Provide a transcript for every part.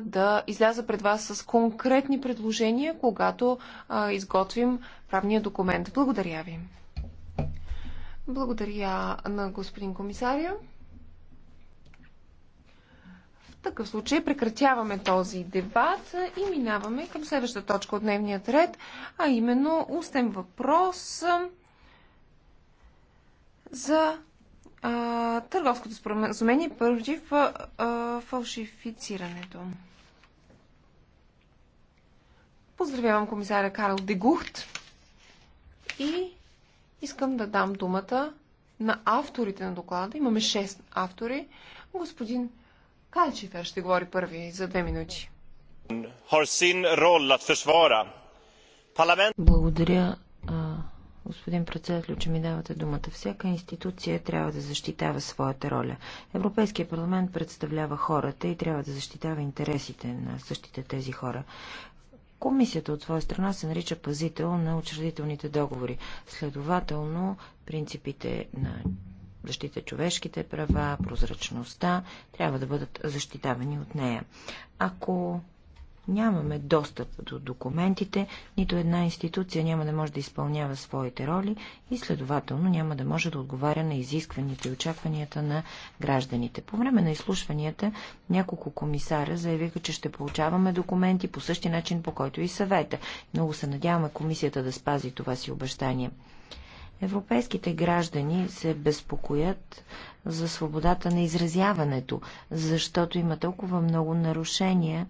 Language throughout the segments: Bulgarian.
да изляза пред вас с конкретни предложения, когато а, изготвим правния документ. Благодаря ви. Благодаря на господин комисаря. В такъв случай прекратяваме този дебат и минаваме към следващата точка от дневния ред, а именно устен въпрос за а, търговското споразумение първи в а, фалшифицирането. Поздравявам комисаря Карл Дегухт и искам да дам думата на авторите на доклада. Имаме 6 автори. Господин Кальчифер ще говори първи за две минути. Благодаря, Господин председател, че ми давате думата. Всяка институция трябва да защитава своята роля. Европейския парламент представлява хората и трябва да защитава интересите на същите тези хора. Комисията от своя страна се нарича пазител на учредителните договори. Следователно, принципите на защита човешките права, прозрачността трябва да бъдат защитавани от нея. Ако нямаме достъп до документите, нито една институция няма да може да изпълнява своите роли и следователно няма да може да отговаря на изискванията и очакванията на гражданите. По време на изслушванията няколко комисаря заявиха, че ще получаваме документи по същия начин, по който и съвета. Много се надяваме комисията да спази това си обещание. Европейските граждани се безпокоят за свободата на изразяването, защото има толкова много нарушения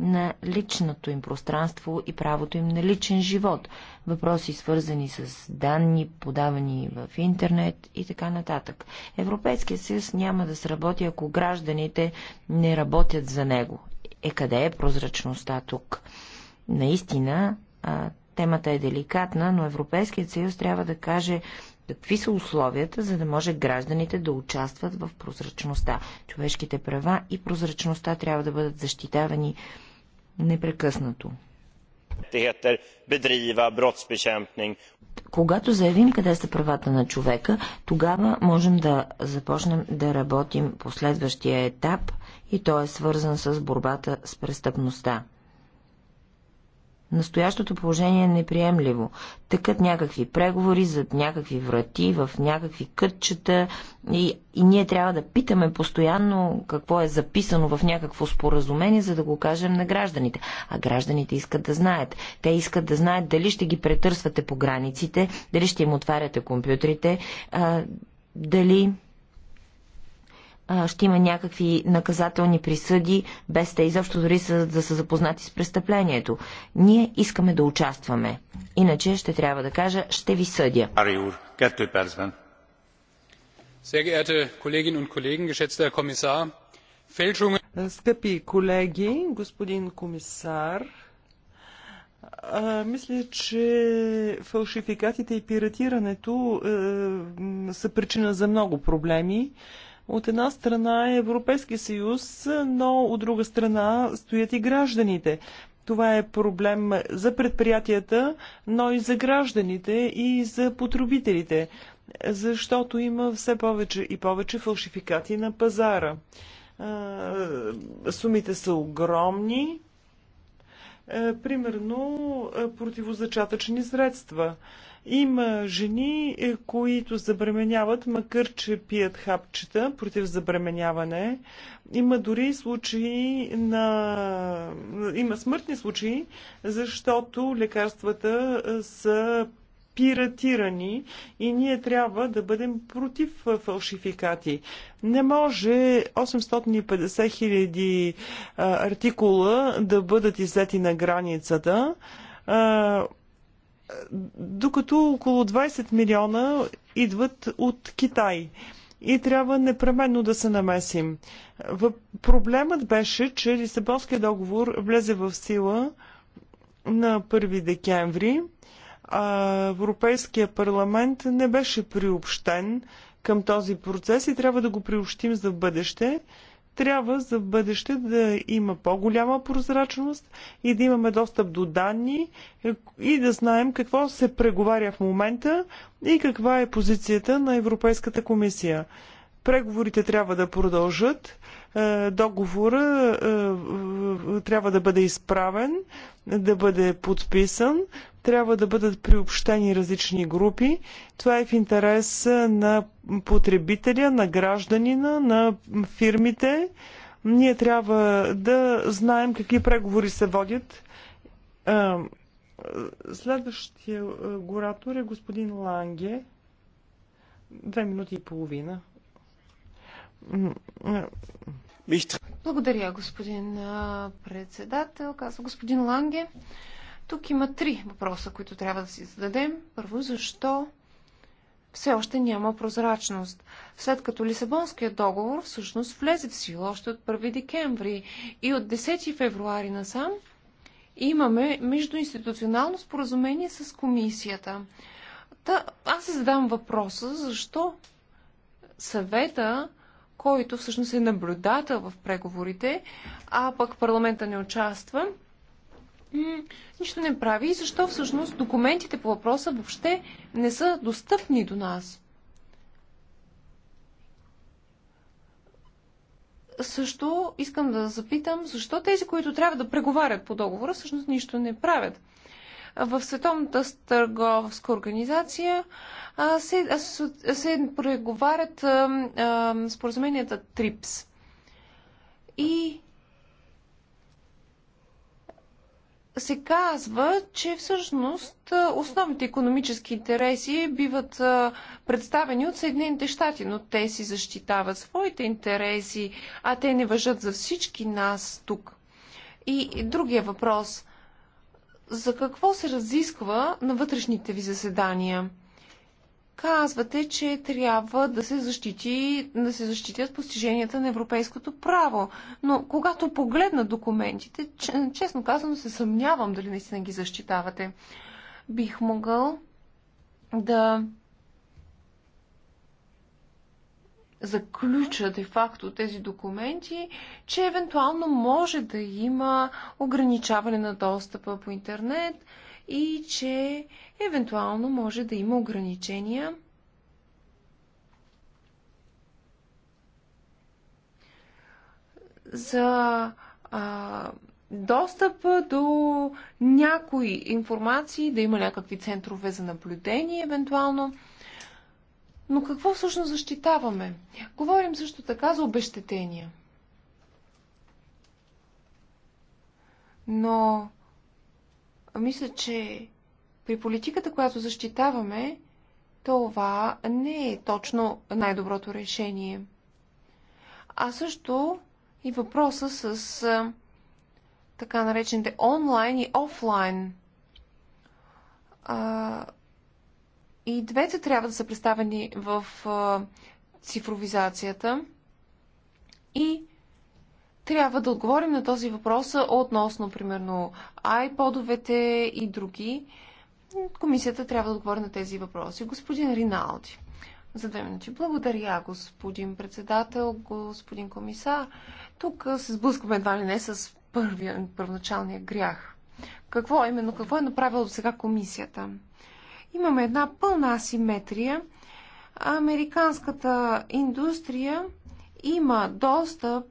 на личното им пространство и правото им на личен живот, въпроси свързани с данни, подавани в интернет и така нататък. Европейския съюз няма да сработи, ако гражданите не работят за него. Е къде е прозрачността тук? Наистина, темата е деликатна, но Европейският съюз трябва да каже какви са условията, за да може гражданите да участват в прозрачността. Човешките права и прозрачността трябва да бъдат защитавани непрекъснато. Когато заявим къде са правата на човека, тогава можем да започнем да работим по следващия етап и той е свързан с борбата с престъпността. Настоящото положение е неприемливо. Тъкат някакви преговори зад някакви врати, в някакви кътчета и, и ние трябва да питаме постоянно какво е записано в някакво споразумение, за да го кажем на гражданите. А гражданите искат да знаят. Те искат да знаят дали ще ги претърсвате по границите, дали ще им отваряте компютрите, а, дали ще има някакви наказателни присъди, без те изобщо дори са, да са запознати с престъплението. Ние искаме да участваме. Иначе ще трябва да кажа, ще ви съдя. Е, скъпи колеги, господин комисар, а, мисля, че фалшификатите и пиратирането а, е, са причина за много проблеми. От една страна е Европейски съюз, но от друга страна стоят и гражданите. Това е проблем за предприятията, но и за гражданите и за потребителите, защото има все повече и повече фалшификати на пазара. Сумите са огромни е, примерно е, противозачатъчни средства. Има жени, е, които забременяват, макар че пият хапчета против забременяване. Има дори случаи на... Има смъртни случаи, защото лекарствата са пиратирани и ние трябва да бъдем против фалшификати. Не може 850 хиляди артикула да бъдат иззети на границата, докато около 20 милиона идват от Китай и трябва непременно да се намесим. Проблемът беше, че Лисабонския договор влезе в сила на 1 декември. Европейския парламент не беше приобщен към този процес и трябва да го приобщим за бъдеще. Трябва за бъдеще да има по-голяма прозрачност и да имаме достъп до данни и да знаем какво се преговаря в момента и каква е позицията на Европейската комисия. Преговорите трябва да продължат. Е, договора е, трябва да бъде изправен, да бъде подписан, трябва да бъдат приобщени различни групи. Това е в интерес на потребителя, на гражданина, на фирмите. Ние трябва да знаем какви преговори се водят. Е, следващия горатор е господин Ланге. Две минути и половина. Благодаря, господин председател. Казва господин Ланге. Тук има три въпроса, които трябва да си зададем. Първо, защо все още няма прозрачност. След като Лисабонският договор всъщност влезе в сила още от 1 декември и от 10 февруари насам имаме междуинституционално споразумение с комисията. Та, аз се задам въпроса, защо съвета който всъщност е наблюдател в преговорите, а пък парламента не участва, нищо не прави и защо всъщност документите по въпроса въобще не са достъпни до нас. Също искам да запитам, защо тези, които трябва да преговарят по договора, всъщност нищо не правят в Световната търговска организация се, се преговарят споразуменията ТРИПС. И се казва, че всъщност основните економически интереси биват представени от Съединените щати, но те си защитават своите интереси, а те не въжат за всички нас тук. И другия въпрос – за какво се разисква на вътрешните ви заседания? Казвате, че трябва да се, защити, да се защитят постиженията на европейското право. Но когато погледна документите, честно казано се съмнявам дали наистина ги защитавате. Бих могъл да заключа де-факто тези документи, че евентуално може да има ограничаване на достъпа по интернет и че евентуално може да има ограничения за а, достъп до някои информации, да има някакви центрове за наблюдение, евентуално. Но какво всъщност защитаваме? Говорим също така за обещетения. Но мисля, че при политиката, която защитаваме, това не е точно най-доброто решение. А също и въпроса с така наречените онлайн и офлайн а, и двете трябва да са представени в цифровизацията. И трябва да отговорим на този въпрос относно, примерно, iPod-овете и други. Комисията трябва да отговори на тези въпроси. Господин Риналди, за две минути. Благодаря, господин председател, господин комисар. Тук се сблъскваме едва ли не с първия, първоначалния грях. Какво именно, какво е направила до сега комисията? имаме една пълна асиметрия. Американската индустрия има достъп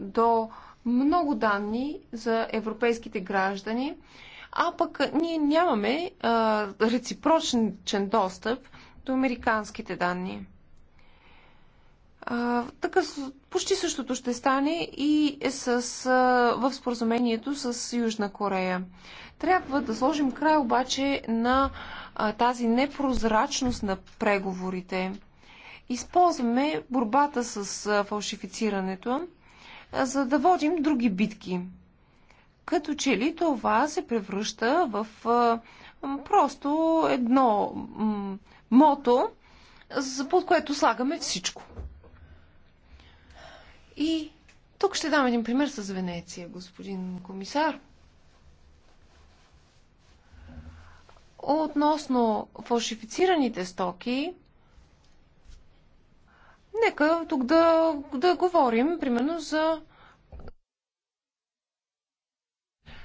до много данни за европейските граждани, а пък ние нямаме а, реципрочен достъп до американските данни така, почти същото ще стане и с, а, в споразумението с Южна Корея. Трябва да сложим край обаче на а, тази непрозрачност на преговорите. Използваме борбата с а, фалшифицирането, а, за да водим други битки. Като че ли това се превръща в а, просто едно м- мото, под което слагаме всичко. И тук ще дам един пример с Венеция, господин комисар. Относно фалшифицираните стоки, нека тук да, да говорим, примерно, за,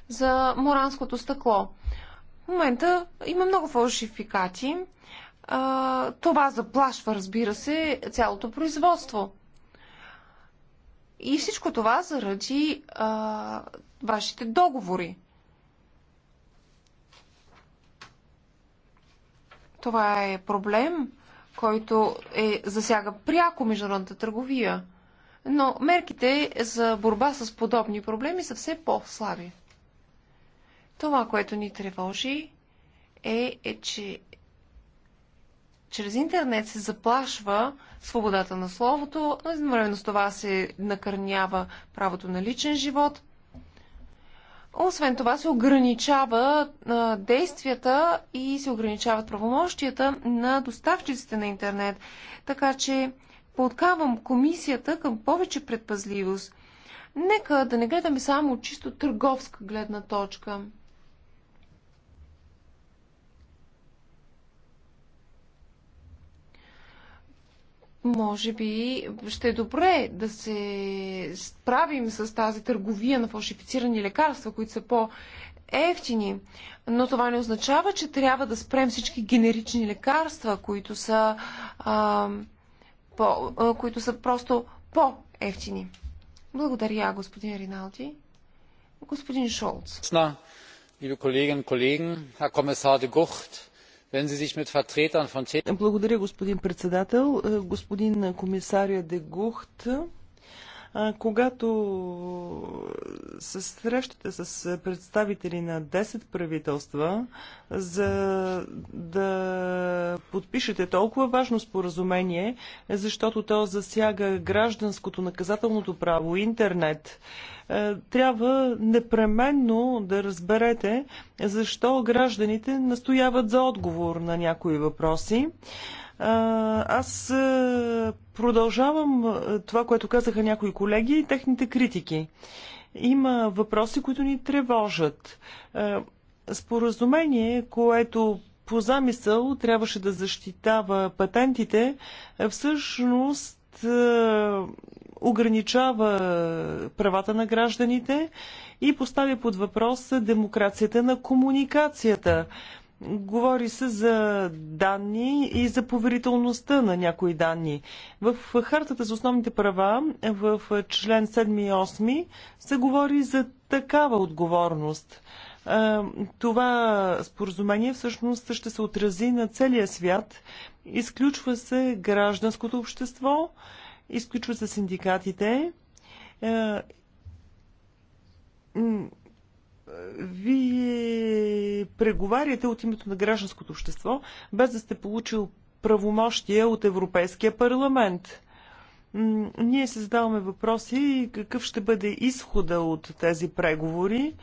за моранското стъкло. В момента има много фалшификати. това заплашва, разбира се, цялото производство. И всичко това заради а, вашите договори. Това е проблем, който е, засяга пряко международната търговия. Но мерките за борба с подобни проблеми са все по-слаби. Това, което ни тревожи, е, е че чрез интернет се заплашва свободата на словото, но едновременно с това се накърнява правото на личен живот. Освен това се ограничава а, действията и се ограничават правомощията на доставчиците на интернет. Така че подкавам комисията към повече предпазливост. Нека да не гледаме само чисто търговска гледна точка – може би ще е добре да се справим с тази търговия на фалшифицирани лекарства, които са по-ефтини. Но това не означава, че трябва да спрем всички генерични лекарства, които са, а, по, а, които са просто по-ефтини. Благодаря, господин Риналди. Господин Шолц. Liebe Kolleginnen und Kollegen, Herr Kommissar de Gucht, благодаря, господин председател. Господин комисаря Дегухт, когато се срещате с представители на 10 правителства, за да подпишете толкова важно споразумение, защото то засяга гражданското наказателното право, интернет, е, трябва непременно да разберете защо гражданите настояват за отговор на някои въпроси. Аз продължавам това, което казаха някои колеги и техните критики. Има въпроси, които ни тревожат. Споразумение, което по замисъл трябваше да защитава патентите, всъщност ограничава правата на гражданите и поставя под въпрос демокрацията на комуникацията. Говори се за данни и за поверителността на някои данни. В Хартата за основните права, в член 7 и 8, се говори за такава отговорност. Това споразумение всъщност ще се отрази на целия свят. Изключва се гражданското общество, изключва се синдикатите вие преговаряте от името на гражданското общество, без да сте получил правомощия от Европейския парламент. Ние се задаваме въпроси какъв ще бъде изхода от тези преговори.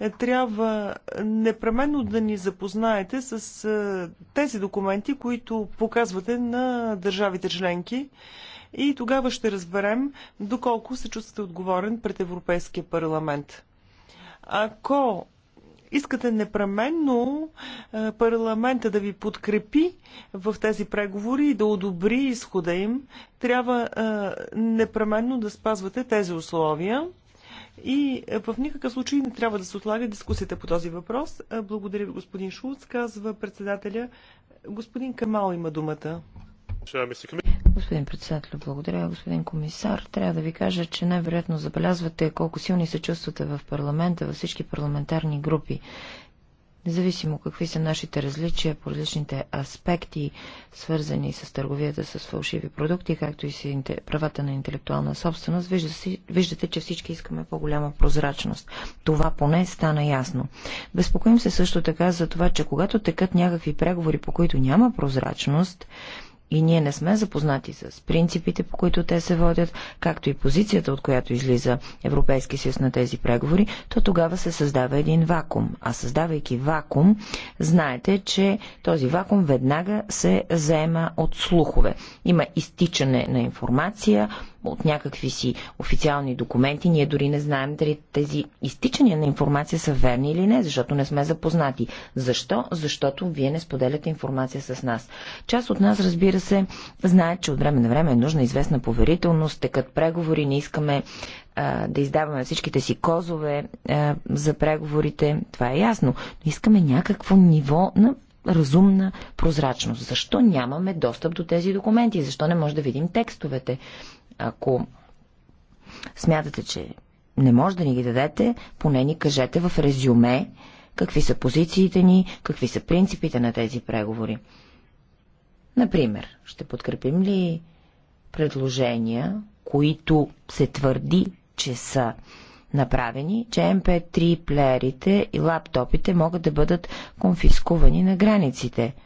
Е, трябва непременно да ни запознаете с е, тези документи, които показвате на държавите членки и тогава ще разберем доколко се чувствате отговорен пред Европейския парламент. Ако искате непременно е, парламента да ви подкрепи в тези преговори и да одобри изхода им, трябва е, непременно да спазвате тези условия. И е, в никакъв случай не трябва да се отлага дискусията по този въпрос. Благодаря ви, господин Шулц, казва председателя. Господин Камал има думата. Господин председател, благодаря. Господин комисар, трябва да ви кажа, че най-вероятно забелязвате колко силни се чувствате в парламента, във всички парламентарни групи. Независимо какви са нашите различия по различните аспекти, свързани с търговията с фалшиви продукти, както и с правата на интелектуална собственост, виждате, че всички искаме по-голяма прозрачност. Това поне стана ясно. Безпокоим се също така за това, че когато текат някакви преговори, по които няма прозрачност, и ние не сме запознати с принципите, по които те се водят, както и позицията, от която излиза Европейски съюз на тези преговори, то тогава се създава един вакуум. А създавайки вакуум, знаете, че този вакуум веднага се заема от слухове. Има изтичане на информация, от някакви си официални документи. Ние дори не знаем дали тези изтичания на информация са верни или не, защото не сме запознати. Защо? Защото вие не споделяте информация с нас. Част от нас, разбира се, знаят, че от време на време е нужна известна поверителност, текат преговори, не искаме да издаваме всичките си козове а, за преговорите. Това е ясно. Но искаме някакво ниво на разумна прозрачност. Защо нямаме достъп до тези документи? Защо не може да видим текстовете? Ако смятате, че не може да ни ги дадете, поне ни кажете в резюме какви са позициите ни, какви са принципите на тези преговори. Например, ще подкрепим ли предложения, които се твърди, че са направени, че MP3 плеерите и лаптопите могат да бъдат конфискувани на границите –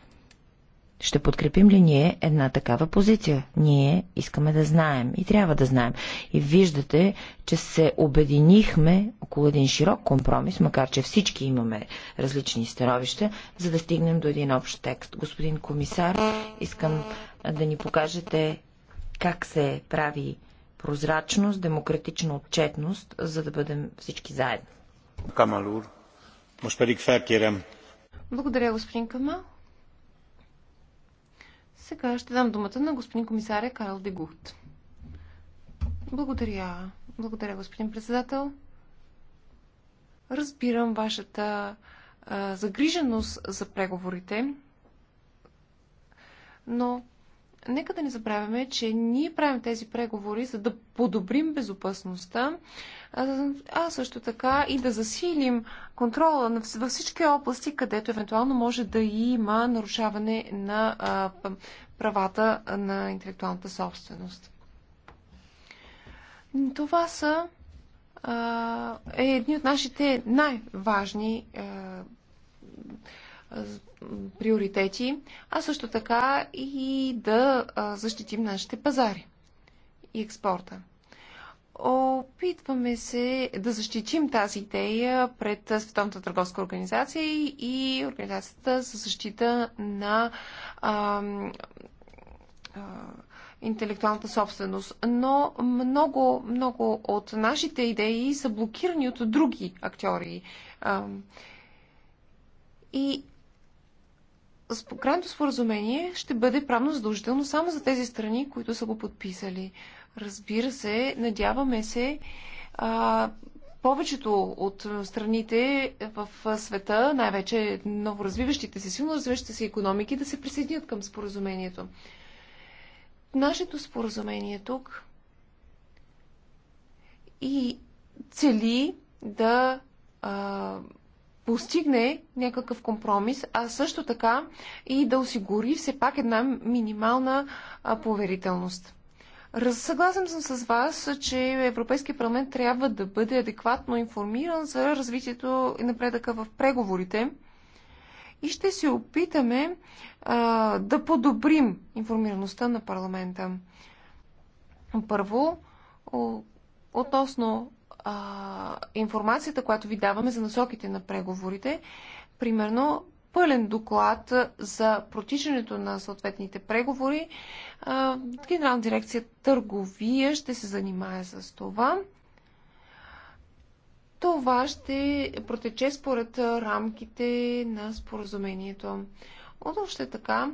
ще подкрепим ли ние една такава позиция? Ние искаме да знаем и трябва да знаем. И виждате, че се обединихме около един широк компромис, макар че всички имаме различни становища, за да стигнем до един общ текст. Господин комисар, искам да ни покажете как се прави прозрачност, демократична отчетност, за да бъдем всички заедно. Камалур, Благодаря, господин Камал. Сега ще дам думата на господин комисаря Карл Дегут. Благодаря. Благодаря, господин председател. Разбирам вашата а, загриженост за преговорите, но нека да не забравяме, че ние правим тези преговори, за да подобрим безопасността, а също така и да засилим контрола във всички области, където евентуално може да има нарушаване на правата на интелектуалната собственост. Това са е едни от нашите най-важни приоритети, а също така и да защитим нашите пазари и експорта. Опитваме се да защитим тази идея пред Световната търговска организация и Организацията за защита на а, а, интелектуалната собственост. Но много, много от нашите идеи са блокирани от други актьори. А, и крайното споразумение ще бъде правно задължително само за тези страни, които са го подписали. Разбира се, надяваме се а, повечето от страните в света, най-вече новоразвиващите се, силно развиващите се економики, да се присъединят към споразумението. Нашето споразумение тук и цели да а, постигне някакъв компромис, а също така и да осигури все пак една минимална поверителност. Съгласен съм с вас, че Европейския парламент трябва да бъде адекватно информиран за развитието и напредъка в преговорите и ще се опитаме а, да подобрим информираността на парламента. Първо, относно а, информацията, която ви даваме за насоките на преговорите. Примерно, пълен доклад за протичането на съответните преговори. А, Генерална дирекция Търговия ще се занимае с това. Това ще протече според рамките на споразумението. Отново ще е така,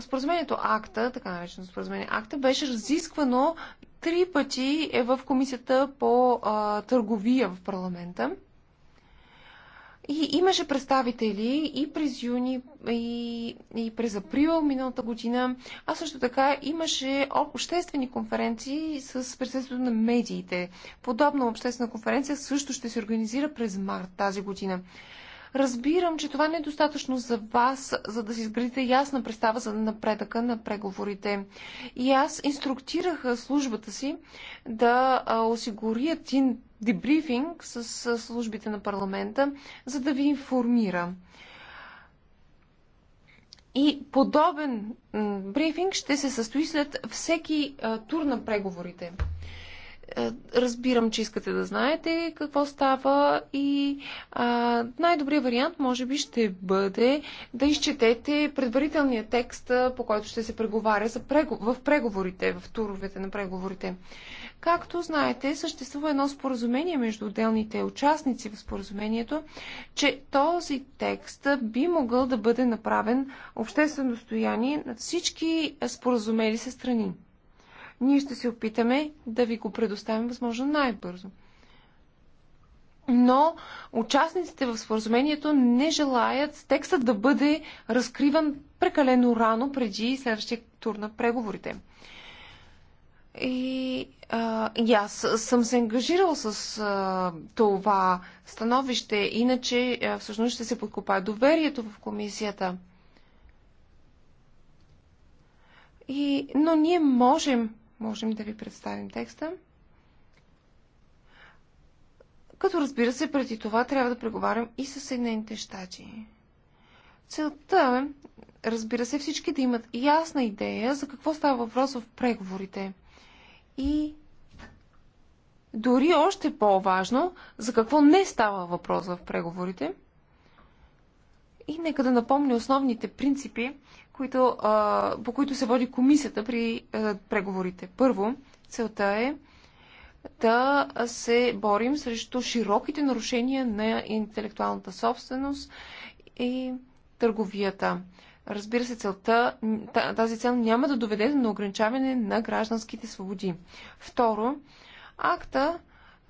Споразумението АКТА, така наречено споразумение АКТА, беше разисквано три пъти е в комисията по а, търговия в парламента. И имаше представители и през юни, и, и през април миналата година, а също така имаше обществени конференции с присъствието на медиите. Подобна обществена конференция също ще се организира през март тази година. Разбирам, че това не е достатъчно за вас, за да си изградите ясна представа за напредъка на преговорите. И аз инструктирах службата си да осигури един дебрифинг с службите на парламента, за да ви информира. И подобен брифинг ще се състои след всеки тур на преговорите. Е, разбирам, че искате да знаете какво става и най-добрият вариант може би ще бъде да изчетете предварителния текст, по който ще се преговаря за в преговорите, в туровете на преговорите. Както знаете, съществува едно споразумение между отделните участници в споразумението, че този текст би могъл да бъде направен обществено достояние на всички споразумели се страни. Ние ще се опитаме да ви го предоставим възможно най-бързо. Но участниците в споразумението не желаят текстът да бъде разкриван прекалено рано преди следващия тур на преговорите. И, а, и аз съм се ангажирал с а, това становище, иначе а, всъщност ще се подкопае доверието в комисията. И, но ние можем можем да ви представим текста. Като разбира се, преди това трябва да преговарям и с Съединените щати. Целта е, разбира се, всички да имат ясна идея за какво става въпрос в преговорите. И дори още по-важно, за какво не става въпрос в преговорите. И нека да напомня основните принципи, които, а, по които се води комисията при а, преговорите. Първо, целта е да се борим срещу широките нарушения на интелектуалната собственост и търговията. Разбира се, целта, тази цел няма да доведе до ограничаване на гражданските свободи. Второ, акта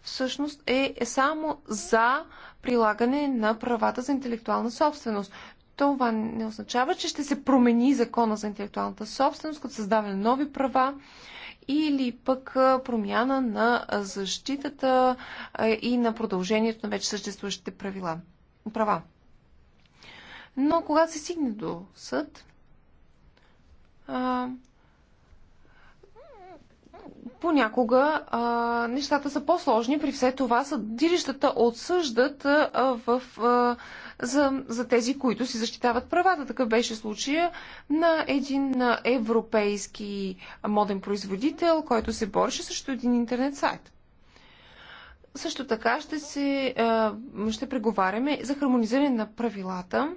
всъщност е, е само за прилагане на правата за интелектуална собственост това не означава, че ще се промени закона за интелектуалната собственост, като създаване на нови права или пък промяна на защитата и на продължението на вече съществуващите правила, права. Но когато се стигне до съд, понякога а, нещата са по-сложни. При все това съдилищата отсъждат а, в, а, за, за тези, които си защитават правата. Такъв беше случая на един европейски моден производител, който се бореше срещу един интернет сайт. Също така ще, се, а, ще преговаряме за хармонизиране на правилата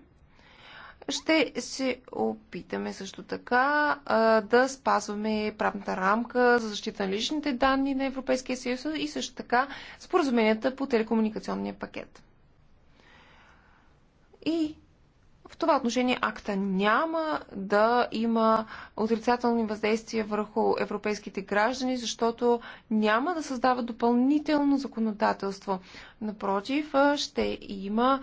ще се опитаме също така а, да спазваме правната рамка за защита на личните данни на Европейския съюз и също така споразуменията по телекомуникационния пакет. И в това отношение акта няма да има отрицателни въздействия върху европейските граждани, защото няма да създава допълнително законодателство. Напротив, ще има,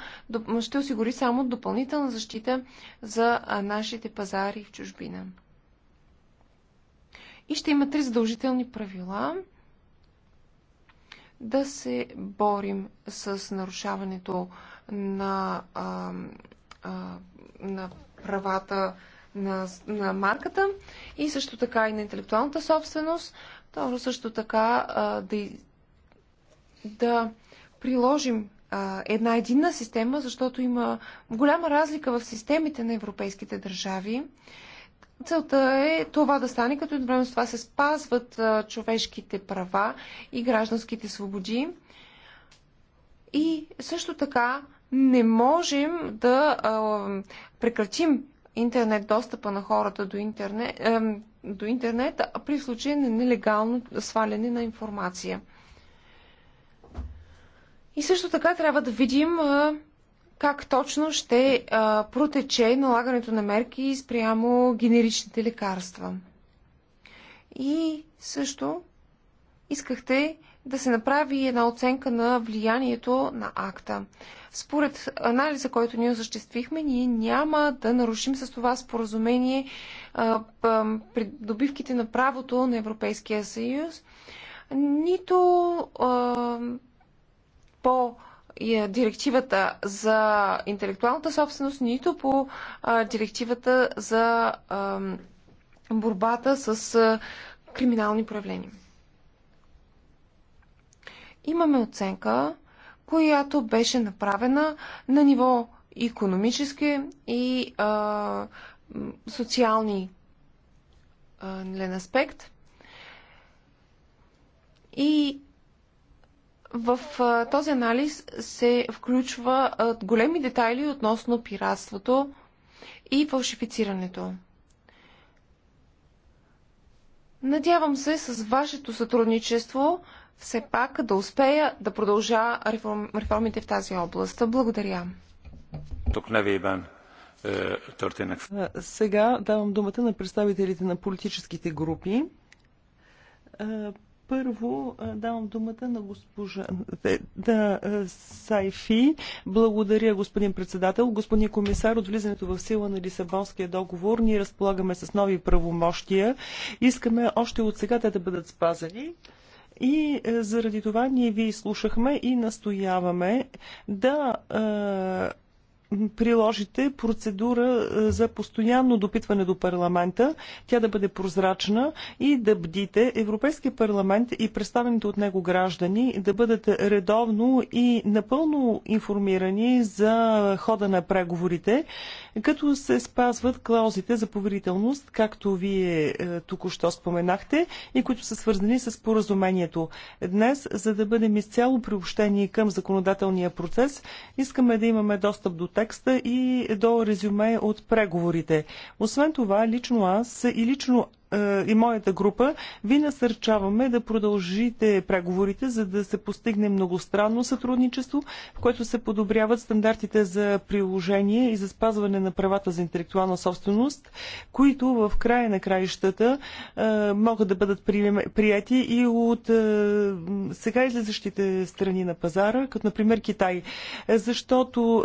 ще осигури само допълнителна защита за нашите пазари в чужбина. И ще има три задължителни правила да се борим с нарушаването на а, на правата на, на марката и също така и на интелектуалната собственост. Второ, също така а, да, да приложим а, една единна система, защото има голяма разлика в системите на европейските държави. Целта е това да стане, като едновременно с това се спазват а, човешките права и гражданските свободи. И също така не можем да а, прекратим интернет достъпа на хората до интернет, а, до интернет при случай на нелегално сваляне на информация. И също така трябва да видим а, как точно ще а, протече налагането на мерки спрямо генеричните лекарства. И също искахте да се направи една оценка на влиянието на акта. Според анализа, който ние осъществихме, ние няма да нарушим с това споразумение придобивките на правото на Европейския съюз, нито а, по директивата за интелектуалната собственост, нито по а, директивата за а, борбата с криминални проявления. Имаме оценка, която беше направена на ниво економически и а, социални а, нали, аспект. И в а, този анализ се включва а, големи детайли относно пиратството и фалшифицирането. Надявам се с вашето сътрудничество все пак да успея да продължа реформ, реформите в тази област. Благодаря. Тук не ви е бен. Е, сега давам думата на представителите на политическите групи. Първо давам думата на госпожа да, е, Сайфи. Благодаря, господин председател. Господин комисар, от влизането в сила на Лисабонския договор ние разполагаме с нови правомощия. Искаме още от сега те да бъдат спазени. И е, заради това ние ви слушахме и настояваме да е, приложите процедура е, за постоянно допитване до парламента, тя да бъде прозрачна и да бдите Европейския парламент и представените от него граждани да бъдат редовно и напълно информирани за хода на преговорите, като се спазват клаузите за поверителност, както вие е, току-що споменахте, и които са свързани с поразумението. Днес, за да бъдем изцяло приобщени към законодателния процес, искаме да имаме достъп до текста и до резюме от преговорите. Освен това, лично аз и лично е, и моята група ви насърчаваме да продължите преговорите, за да се постигне многостранно сътрудничество, в което се подобряват стандартите за приложение и за спазване на правата за интелектуална собственост, които в края на краищата е, могат да бъдат прияти и от е, сега излизащите страни на пазара, като например Китай, защото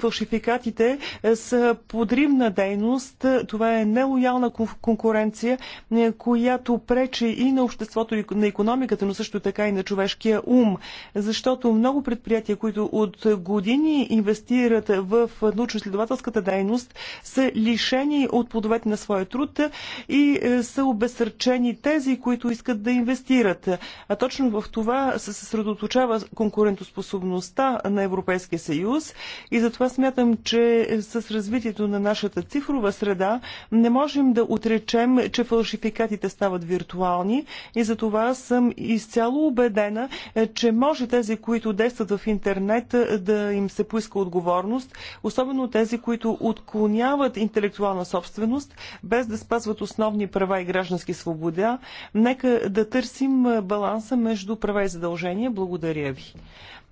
фалшификатите са подривна дейност, това е нелоялна конкуренция тенденция, е, която пречи и на обществото, и на економиката, но също така и на човешкия ум. Защото много предприятия, които от години инвестират в научно следователската дейност, са лишени от плодовете на своя труд и е, са обесърчени тези, които искат да инвестират. А точно в това се съсредоточава конкурентоспособността на Европейския съюз и затова смятам, че с развитието на нашата цифрова среда не можем да отречем че фалшификатите стават виртуални и за това съм изцяло убедена, е, че може тези, които действат в интернет, е, да им се поиска отговорност, особено тези, които отклоняват интелектуална собственост, без да спазват основни права и граждански свобода. Нека да търсим е, баланса между права и задължения. Благодаря ви.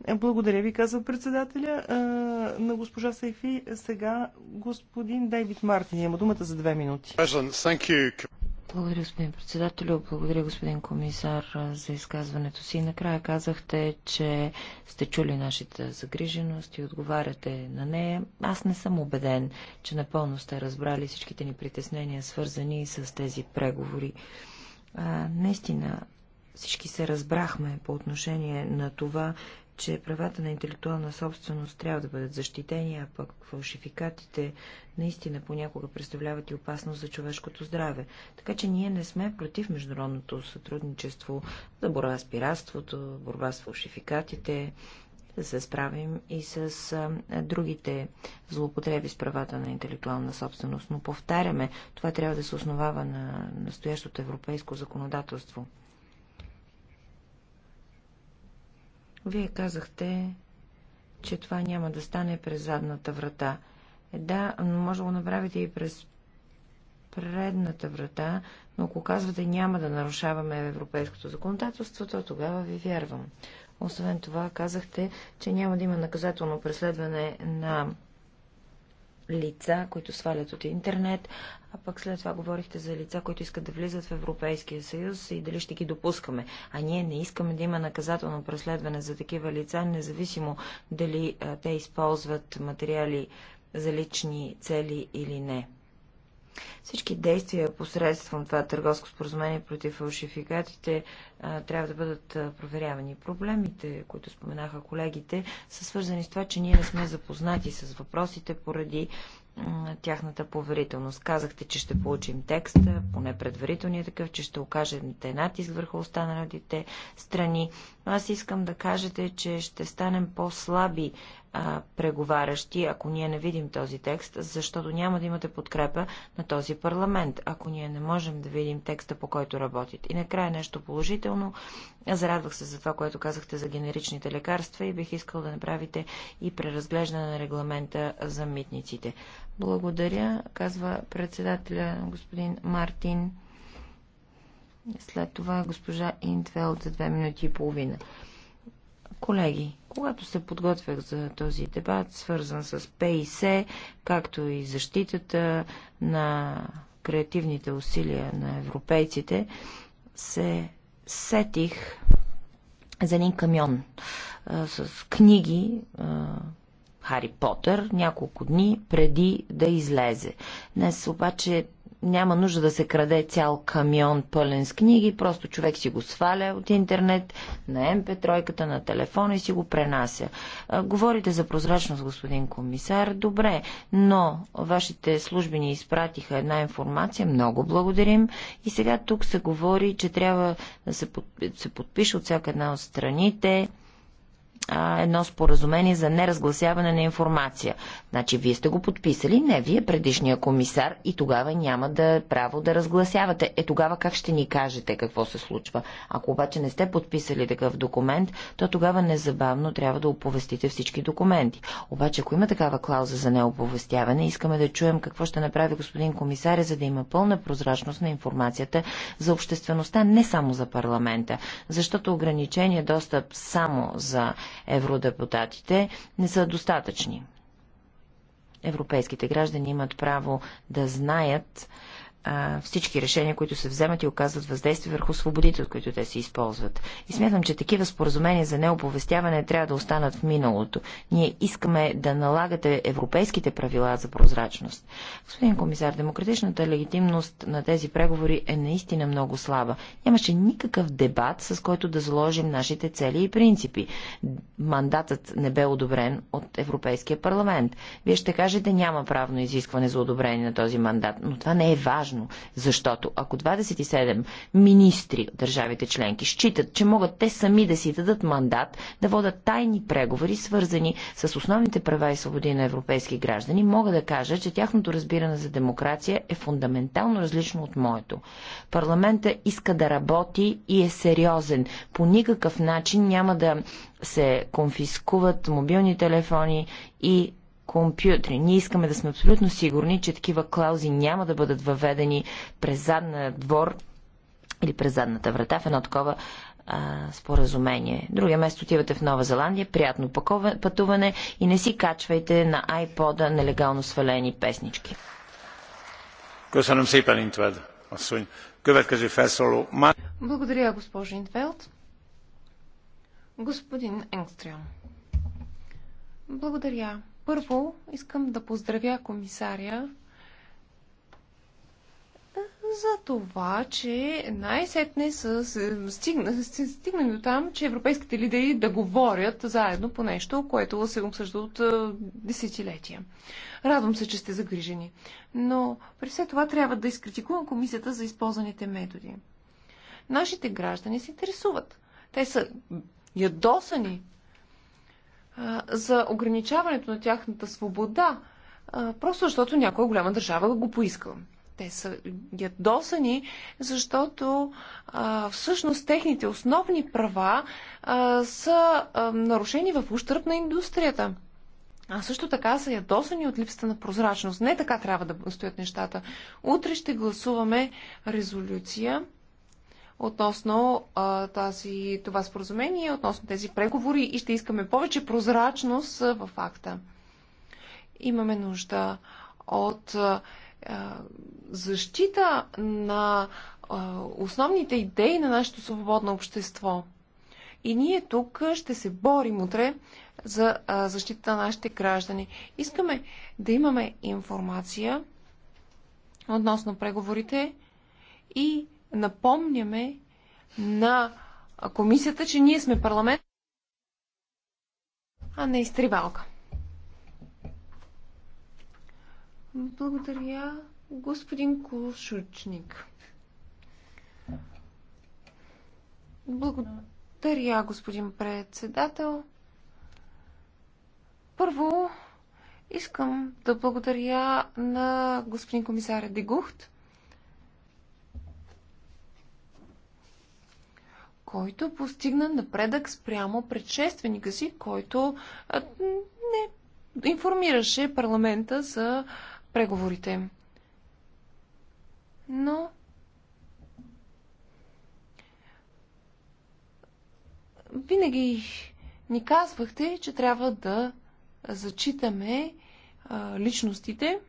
Е, благодаря ви, казва председателя. На госпожа Сейфи сега господин Дейвид Мартин. Има думата за две минути. Благодаря, господин председател, Благодаря, господин комисар, за изказването си. Накрая казахте, че сте чули нашите загриженост и отговаряте на нея. Аз не съм убеден, че напълно сте разбрали всичките ни притеснения, свързани с тези преговори. А, наистина, всички се разбрахме по отношение на това, че правата на интелектуална собственост трябва да бъдат защитени, а пък фалшификатите наистина понякога представляват и опасност за човешкото здраве. Така че ние не сме против международното сътрудничество за борба с пиратството, борба с фалшификатите, да се справим и с а, другите злоупотреби с правата на интелектуална собственост. Но повтаряме, това трябва да се основава на настоящото европейско законодателство. Вие казахте, че това няма да стане през задната врата. Е, да, но може да го направите и през предната врата, но ако казвате няма да нарушаваме европейското законодателство, то тогава ви вярвам. Освен това, казахте, че няма да има наказателно преследване на лица, които свалят от интернет, а пък след това говорихте за лица, които искат да влизат в Европейския съюз и дали ще ги допускаме. А ние не искаме да има наказателно преследване за такива лица, независимо дали те използват материали за лични цели или не. Всички действия посредством това търговско споразумение против фалшификатите трябва да бъдат проверявани. Проблемите, които споменаха колегите, са свързани с това, че ние не сме запознати с въпросите поради тяхната поверителност. Казахте, че ще получим текста, поне предварителният такъв, че ще окажете натиск върху останалите страни. Но аз искам да кажете, че ще станем по-слаби, а, преговарящи, ако ние не видим този текст, защото няма да имате подкрепа на този парламент, ако ние не можем да видим текста, по който работите. И накрая нещо положително. Зарадвах се за това, което казахте за генеричните лекарства и бих искал да направите и преразглеждане на регламента за митниците. Благодаря, казва председателя господин Мартин. След това госпожа Интвел за две минути и половина. Колеги, когато се подготвях за този дебат, свързан с ПИС, както и защитата на креативните усилия на европейците, се сетих за един камион а, с книги а, Хари Потър няколко дни преди да излезе. Днес обаче няма нужда да се краде цял камион пълен с книги, просто човек си го сваля от интернет, на МП-тройката, на телефона и си го пренася. Говорите за прозрачност, господин комисар, добре, но вашите служби ни изпратиха една информация, много благодарим и сега тук се говори, че трябва да се, подпише от всяка една от страните а, едно споразумение за неразгласяване на информация. Значи, вие сте го подписали, не вие, предишния комисар, и тогава няма да е право да разгласявате. Е тогава как ще ни кажете какво се случва? Ако обаче не сте подписали такъв документ, то тогава незабавно трябва да оповестите всички документи. Обаче, ако има такава клауза за неоповестяване, искаме да чуем какво ще направи господин комисаря, за да има пълна прозрачност на информацията за обществеността, не само за парламента. Защото ограничение достъп само за евродепутатите, не са достатъчни. Европейските граждани имат право да знаят всички решения, които се вземат и оказват въздействие върху свободите, от които те се използват. И смятам, че такива споразумения за неоповестяване трябва да останат в миналото. Ние искаме да налагате европейските правила за прозрачност. Господин комисар, демократичната легитимност на тези преговори е наистина много слаба. Нямаше никакъв дебат, с който да заложим нашите цели и принципи. Мандатът не бе одобрен от Европейския парламент. Вие ще кажете, няма правно изискване за одобрение на този мандат, но това не е важно важно, защото ако 27 министри от държавите членки считат, че могат те сами да си дадат мандат да водат тайни преговори, свързани с основните права и свободи на европейски граждани, мога да кажа, че тяхното разбиране за демокрация е фундаментално различно от моето. Парламента иска да работи и е сериозен. По никакъв начин няма да се конфискуват мобилни телефони и компютри. Ние искаме да сме абсолютно сигурни, че такива клаузи няма да бъдат въведени през задния двор или през задната врата в едно такова а, споразумение. Другия место отивате в Нова Зеландия, приятно пътуване и не си качвайте на айпода нелегално свалени песнички. Благодаря, госпожо Интвелд. Господин Енгстрион. Благодаря. Първо, искам да поздравя комисаря за това, че най-сетне са стигна, до там, че европейските лидери да говорят заедно по нещо, което се обсъжда от десетилетия. Радвам се, че сте загрижени. Но при все това трябва да изкритикувам комисията за използваните методи. Нашите граждани се интересуват. Те са ядосани за ограничаването на тяхната свобода, просто защото някоя голяма държава го поиска. Те са ядосани, защото а, всъщност техните основни права а, са а, нарушени в ущърп на индустрията. А също така са ядосани от липсата на прозрачност. Не така трябва да стоят нещата. Утре ще гласуваме резолюция относно а, тази, това споразумение, относно тези преговори и ще искаме повече прозрачност в акта. Имаме нужда от а, защита на а, основните идеи на нашето свободно общество. И ние тук ще се борим утре за а, защита на нашите граждани. Искаме да имаме информация относно преговорите и напомняме на комисията, че ние сме парламент, а не изтривалка. Благодаря, господин Кушучник. Благодаря, господин председател. Първо, искам да благодаря на господин комисаря Дегухт който постигна напредък спрямо предшественика си, който не информираше парламента за преговорите. Но винаги ни казвахте, че трябва да зачитаме а, личностите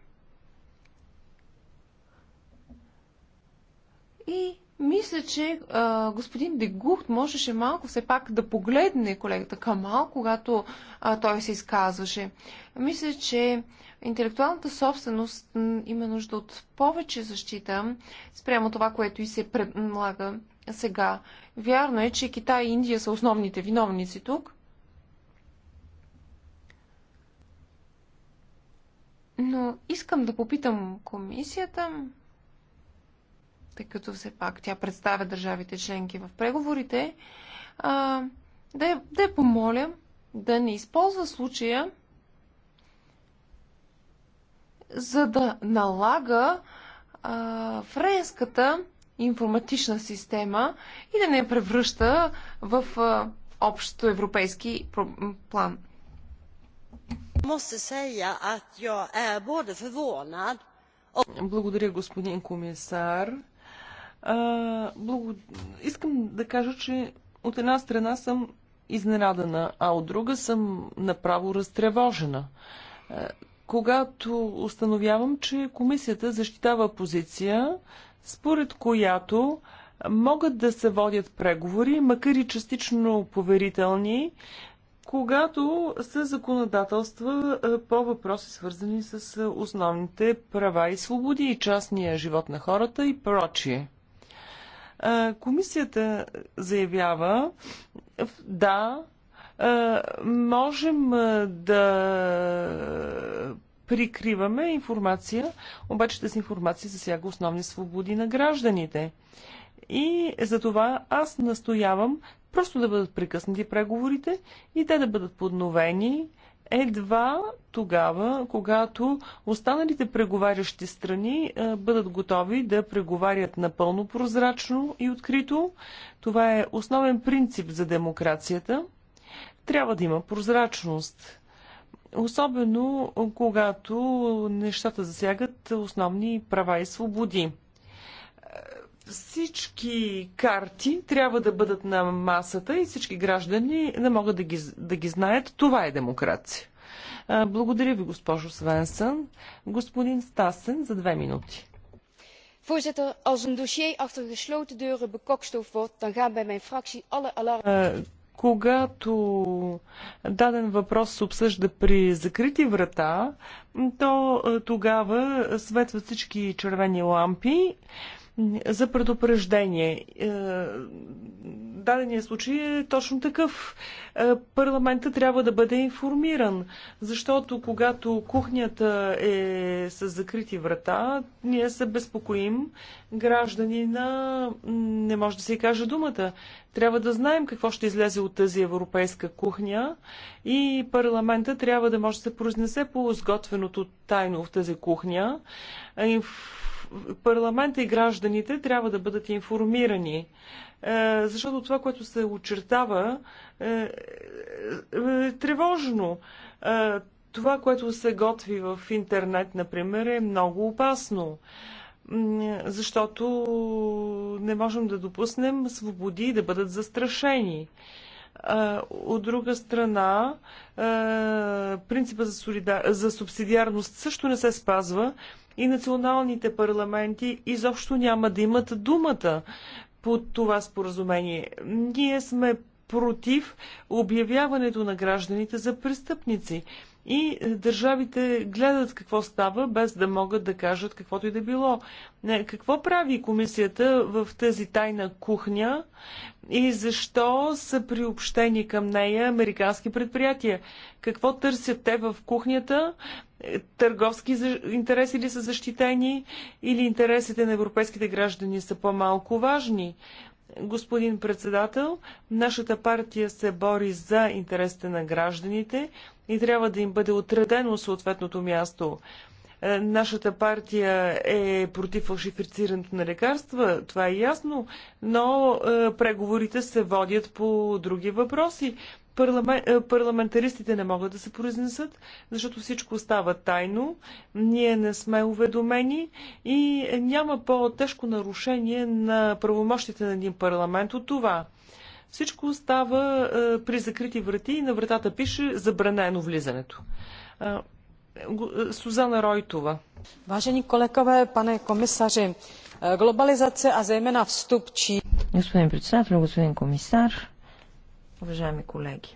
и мисля, че а, господин Дегухт можеше малко все пак да погледне колегата Камал, когато а, той се изказваше. Мисля, че интелектуалната собственост има нужда от повече защита спрямо това, което и се предлага сега. Вярно е, че Китай и Индия са основните виновници тук. Но искам да попитам комисията, тъй като все пак тя представя държавите членки в преговорите, а, да, я, да я помоля да не използва случая, за да налага а, френската информатична система и да не я превръща в а, общо европейски план. Благодаря, господин комисар. А, благо... Искам да кажа, че от една страна съм изненадана, а от друга съм направо разтревожена. Когато установявам, че комисията защитава позиция, според която могат да се водят преговори, макар и частично поверителни, когато се законодателства по въпроси свързани с основните права и свободи и частния живот на хората и прочие. Комисията заявява, да, можем да прикриваме информация, обаче тази информация засяга основни свободи на гражданите. И за това аз настоявам просто да бъдат прекъснати преговорите и те да бъдат подновени едва тогава, когато останалите преговарящи страни бъдат готови да преговарят напълно прозрачно и открито. Това е основен принцип за демокрацията. Трябва да има прозрачност. Особено когато нещата засягат основни права и свободи всички карти трябва да бъдат на масата и всички граждани не могат да ги, да ги знаят. Това е демокрация. Благодаря ви, госпожо Свенсън. Господин Стасен, за две минути. Voorzitter, als een dossier achter gesloten deuren bekokstoofd wordt, dan gaan bij mijn fractie alle alarmen когато даден въпрос се обсъжда при закрити врата, то тогава светват всички червени лампи за предупреждение. Е, дадения случай е точно такъв. Е, парламента трябва да бъде информиран, защото когато кухнята е с закрити врата, ние се безпокоим, гражданина не може да се каже думата. Трябва да знаем какво ще излезе от тази европейска кухня и парламента трябва да може да се произнесе по изготвеното тайно в тази кухня парламента и гражданите трябва да бъдат информирани. Е, защото това, което се очертава, е, е, е тревожно. Това, което се готви в интернет, например, е много опасно защото не можем да допуснем свободи да бъдат застрашени. От друга страна, принципа за, солида... за субсидиарност също не се спазва и националните парламенти изобщо няма да имат думата по това споразумение. Ние сме против обявяването на гражданите за престъпници. И е, държавите гледат какво става, без да могат да кажат каквото и да било. Какво прави комисията в тази тайна кухня? и защо са приобщени към нея американски предприятия? Какво търсят те в кухнята? Е, търговски интереси ли са защитени или интересите на европейските граждани са по-малко важни? Господин председател, нашата партия се бори за интересите на гражданите и трябва да им бъде отредено съответното място. Е, нашата партия е против фалшифицирането на лекарства, това е ясно, но е, преговорите се водят по други въпроси. Е, парламентаристите не могат да се произнесат, защото всичко става тайно, ние не сме уведомени и няма по-тежко нарушение на правомощите на един парламент от това. Всичко става при закрити врати и на вратата пише забранено влизането. Е, Сузана Ройтова. Vážení kolegové, pane komisaři, глобализация, а заимена вступ чи... Господин председател, господин комисар, уважаеми колеги.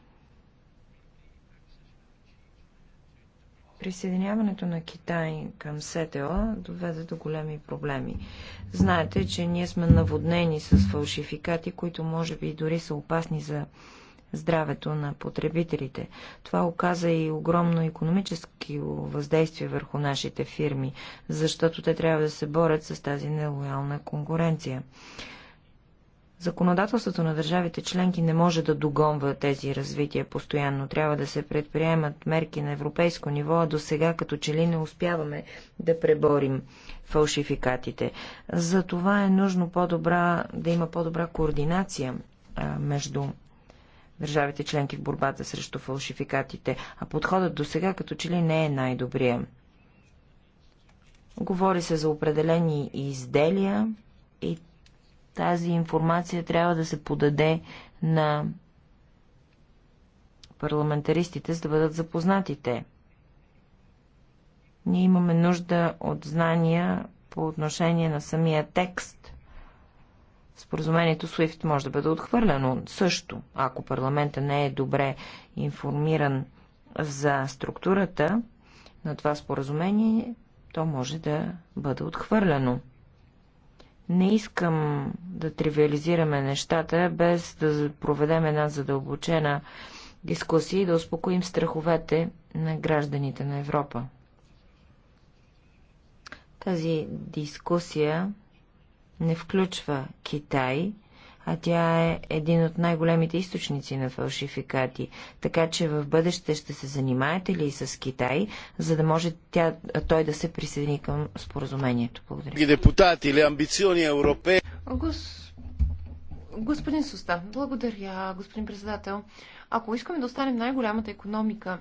Присъединяването на Китай към СТО доведе до големи проблеми. Знаете, че ние сме наводнени с фалшификати, които може би дори са опасни за здравето на потребителите. Това оказа и огромно економически въздействие върху нашите фирми, защото те трябва да се борят с тази нелоялна конкуренция. Законодателството на държавите членки не може да догонва тези развития постоянно. Трябва да се предприемат мерки на европейско ниво, а до сега като че ли не успяваме да преборим фалшификатите. За това е нужно по-добра, да има по-добра координация между държавите членки в борбата срещу фалшификатите, а подходът до сега като че ли не е най-добрия. Говори се за определени изделия и тази информация трябва да се подаде на парламентаристите, за да бъдат запознатите. Ние имаме нужда от знания по отношение на самия текст, Споразумението SWIFT може да бъде отхвърлено също, ако парламента не е добре информиран за структурата на това споразумение, то може да бъде отхвърлено. Не искам да тривиализираме нещата, без да проведем една задълбочена дискусия и да успокоим страховете на гражданите на Европа. Тази дискусия не включва Китай, а тя е един от най-големите източници на фалшификати. Така че в бъдеще ще се занимаете ли с Китай, за да може тя, той да се присъедини към споразумението? Благодаря. Депутати или амбициони европе... Гос... Господин Суста, благодаря, господин председател. Ако искаме да останем най-голямата економика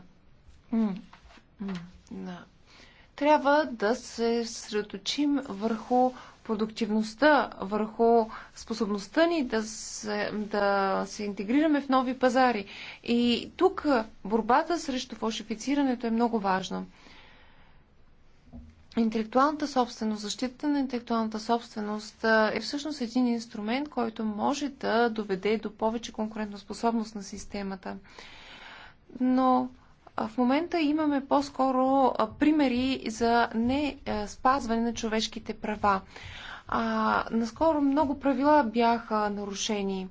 трябва да се средоточим върху продуктивността, върху способността ни да се, да се интегрираме в нови пазари. И тук борбата срещу фалшифицирането е много важна. Интелектуалната собственост, защитата на интелектуалната собственост е всъщност един инструмент, който може да доведе до повече конкурентоспособност на системата. Но в момента имаме по-скоро примери за не спазване на човешките права. А, наскоро много правила бяха нарушени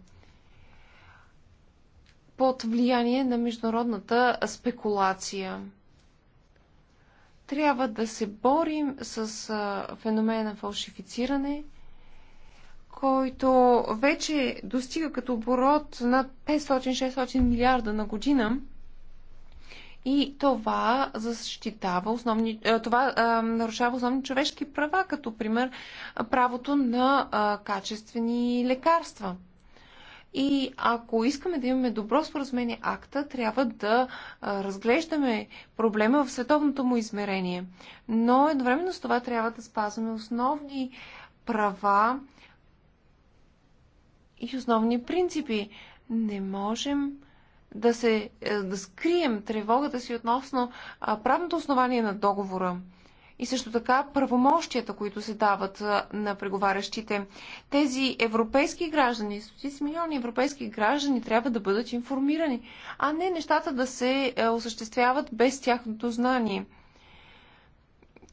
под влияние на международната спекулация. Трябва да се борим с феномена фалшифициране, който вече достига като оборот над 500-600 милиарда на година – и това защитава основни, е, това а, е, нарушава основни човешки права, като пример правото на а, е, качествени лекарства. И ако искаме да имаме добро споразумение акта, трябва да а, разглеждаме проблема в световното му измерение. Но едновременно с това трябва да спазваме основни права и основни принципи. Не можем да, се, е, да скрием тревогата си относно правното основание на договора и също така правомощията, които се дават на преговарящите. Тези европейски граждани, стотици милиони европейски граждани трябва да бъдат информирани, а не нещата да се е, осъществяват без тяхното знание.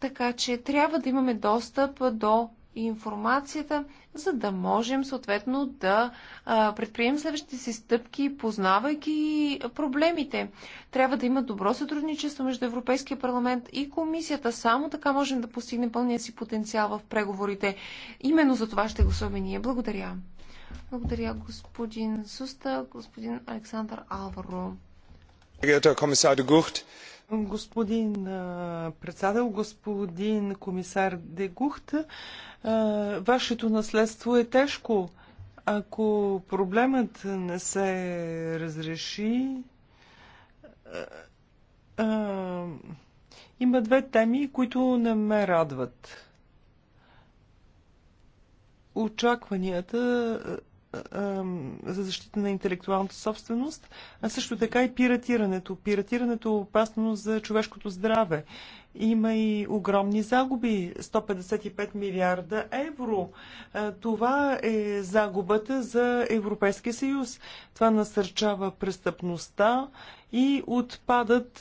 Така че трябва да имаме достъп до и информацията, за да можем съответно да предприемем следващите си стъпки, познавайки проблемите. Трябва да има добро сътрудничество между Европейския парламент и комисията. Само така можем да постигнем пълния си потенциал в преговорите. Именно за това ще гласуваме ние. Благодаря. Благодаря господин Суста, господин Александър Алваро. Комисар Kommissar Господин председател, господин комисар Дегухт, вашето наследство е тежко. Ако проблемът не се разреши, има две теми, които не ме радват. Очакванията за защита на интелектуалната собственост, а също така и пиратирането. Пиратирането е опасно за човешкото здраве. Има и огромни загуби 155 милиарда евро. Това е загубата за Европейския съюз. Това насърчава престъпността и отпадат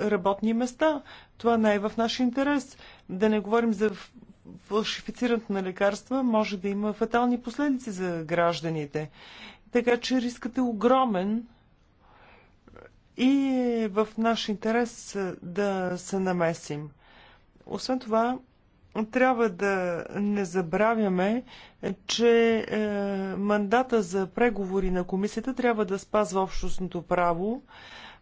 работни места. Това не е в наш интерес. Да не говорим за фалшифицирането на лекарства може да има фатални последици за гражданите. Така че рискът е огромен и е в наш интерес да се намесим. Освен това, трябва да не забравяме, че е, мандата за преговори на комисията трябва да спазва общностното право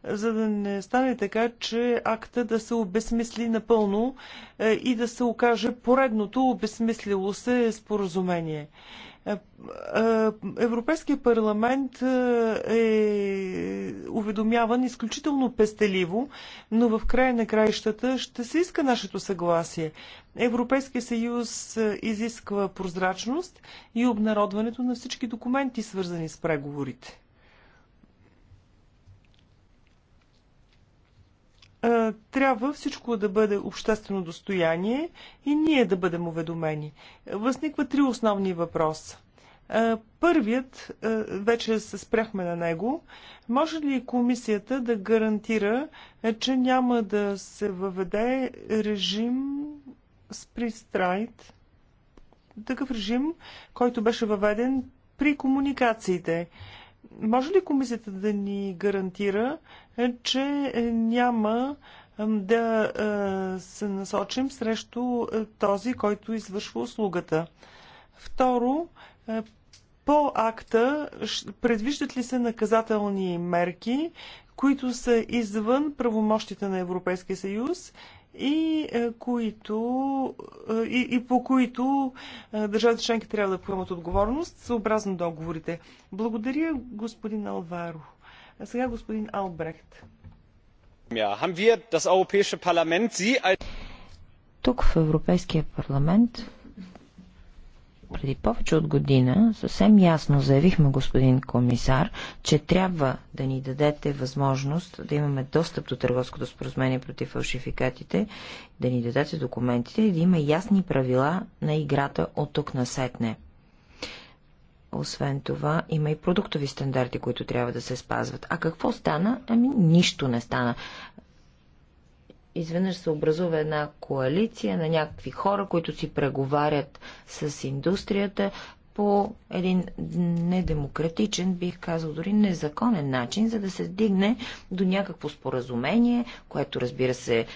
за да не стане така, че акта да се обесмисли напълно е, и да се окаже поредното обесмислило се споразумение. Е, е, Европейския парламент е уведомяван изключително пестеливо, но в края на краищата ще се иска нашето съгласие. Европейския съюз изисква прозрачност и обнародването на всички документи, свързани с преговорите. трябва всичко да бъде обществено достояние и ние да бъдем уведомени. Възниква три основни въпроса. Първият, вече се спряхме на него, може ли комисията да гарантира, че няма да се въведе режим с пристрайт? Такъв режим, който беше въведен при комуникациите. Може ли комисията да ни гарантира, е, че е, няма да е, се насочим срещу този, който извършва услугата? Второ, по акта предвиждат ли се наказателни мерки, които са извън правомощите на Европейския съюз и, е, които, е, и, и по които е, държавите членки трябва да поемат отговорност съобразно договорите. Благодаря, господин Алваро. А сега господин Албрехт. Тук в Европейския парламент преди повече от година съвсем ясно заявихме, господин комисар, че трябва да ни дадете възможност да имаме достъп до търговското споразумение против фалшификатите, да ни дадете документите и да има ясни правила на играта от тук на сетне. Освен това, има и продуктови стандарти, които трябва да се спазват. А какво стана? Ами нищо не стана изведнъж се образува една коалиция на някакви хора, които си преговарят с индустрията по един недемократичен, бих казал дори незаконен начин, за да се дигне до някакво споразумение, което разбира се е,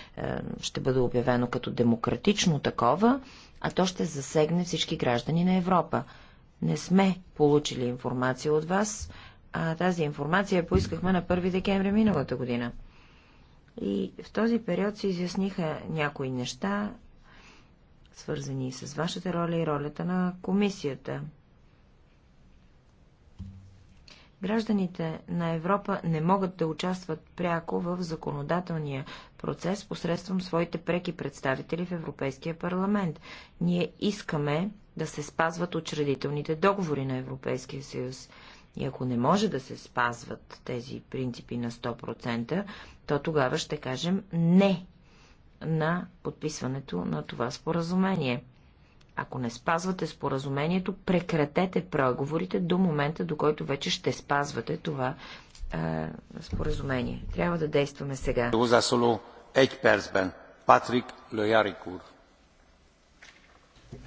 ще бъде обявено като демократично такова, а то ще засегне всички граждани на Европа. Не сме получили информация от вас, а тази информация поискахме на 1 декември миналата година. И в този период се изясниха някои неща, свързани с вашата роля и ролята на комисията. Гражданите на Европа не могат да участват пряко в законодателния процес посредством своите преки представители в Европейския парламент. Ние искаме да се спазват учредителните договори на Европейския съюз. И ако не може да се спазват тези принципи на 100%, то тогава ще кажем не на подписването на това споразумение. Ако не спазвате споразумението, прекратете преговорите до момента, до който вече ще спазвате това е, споразумение. Трябва да действаме сега. Патрик Лоярикур.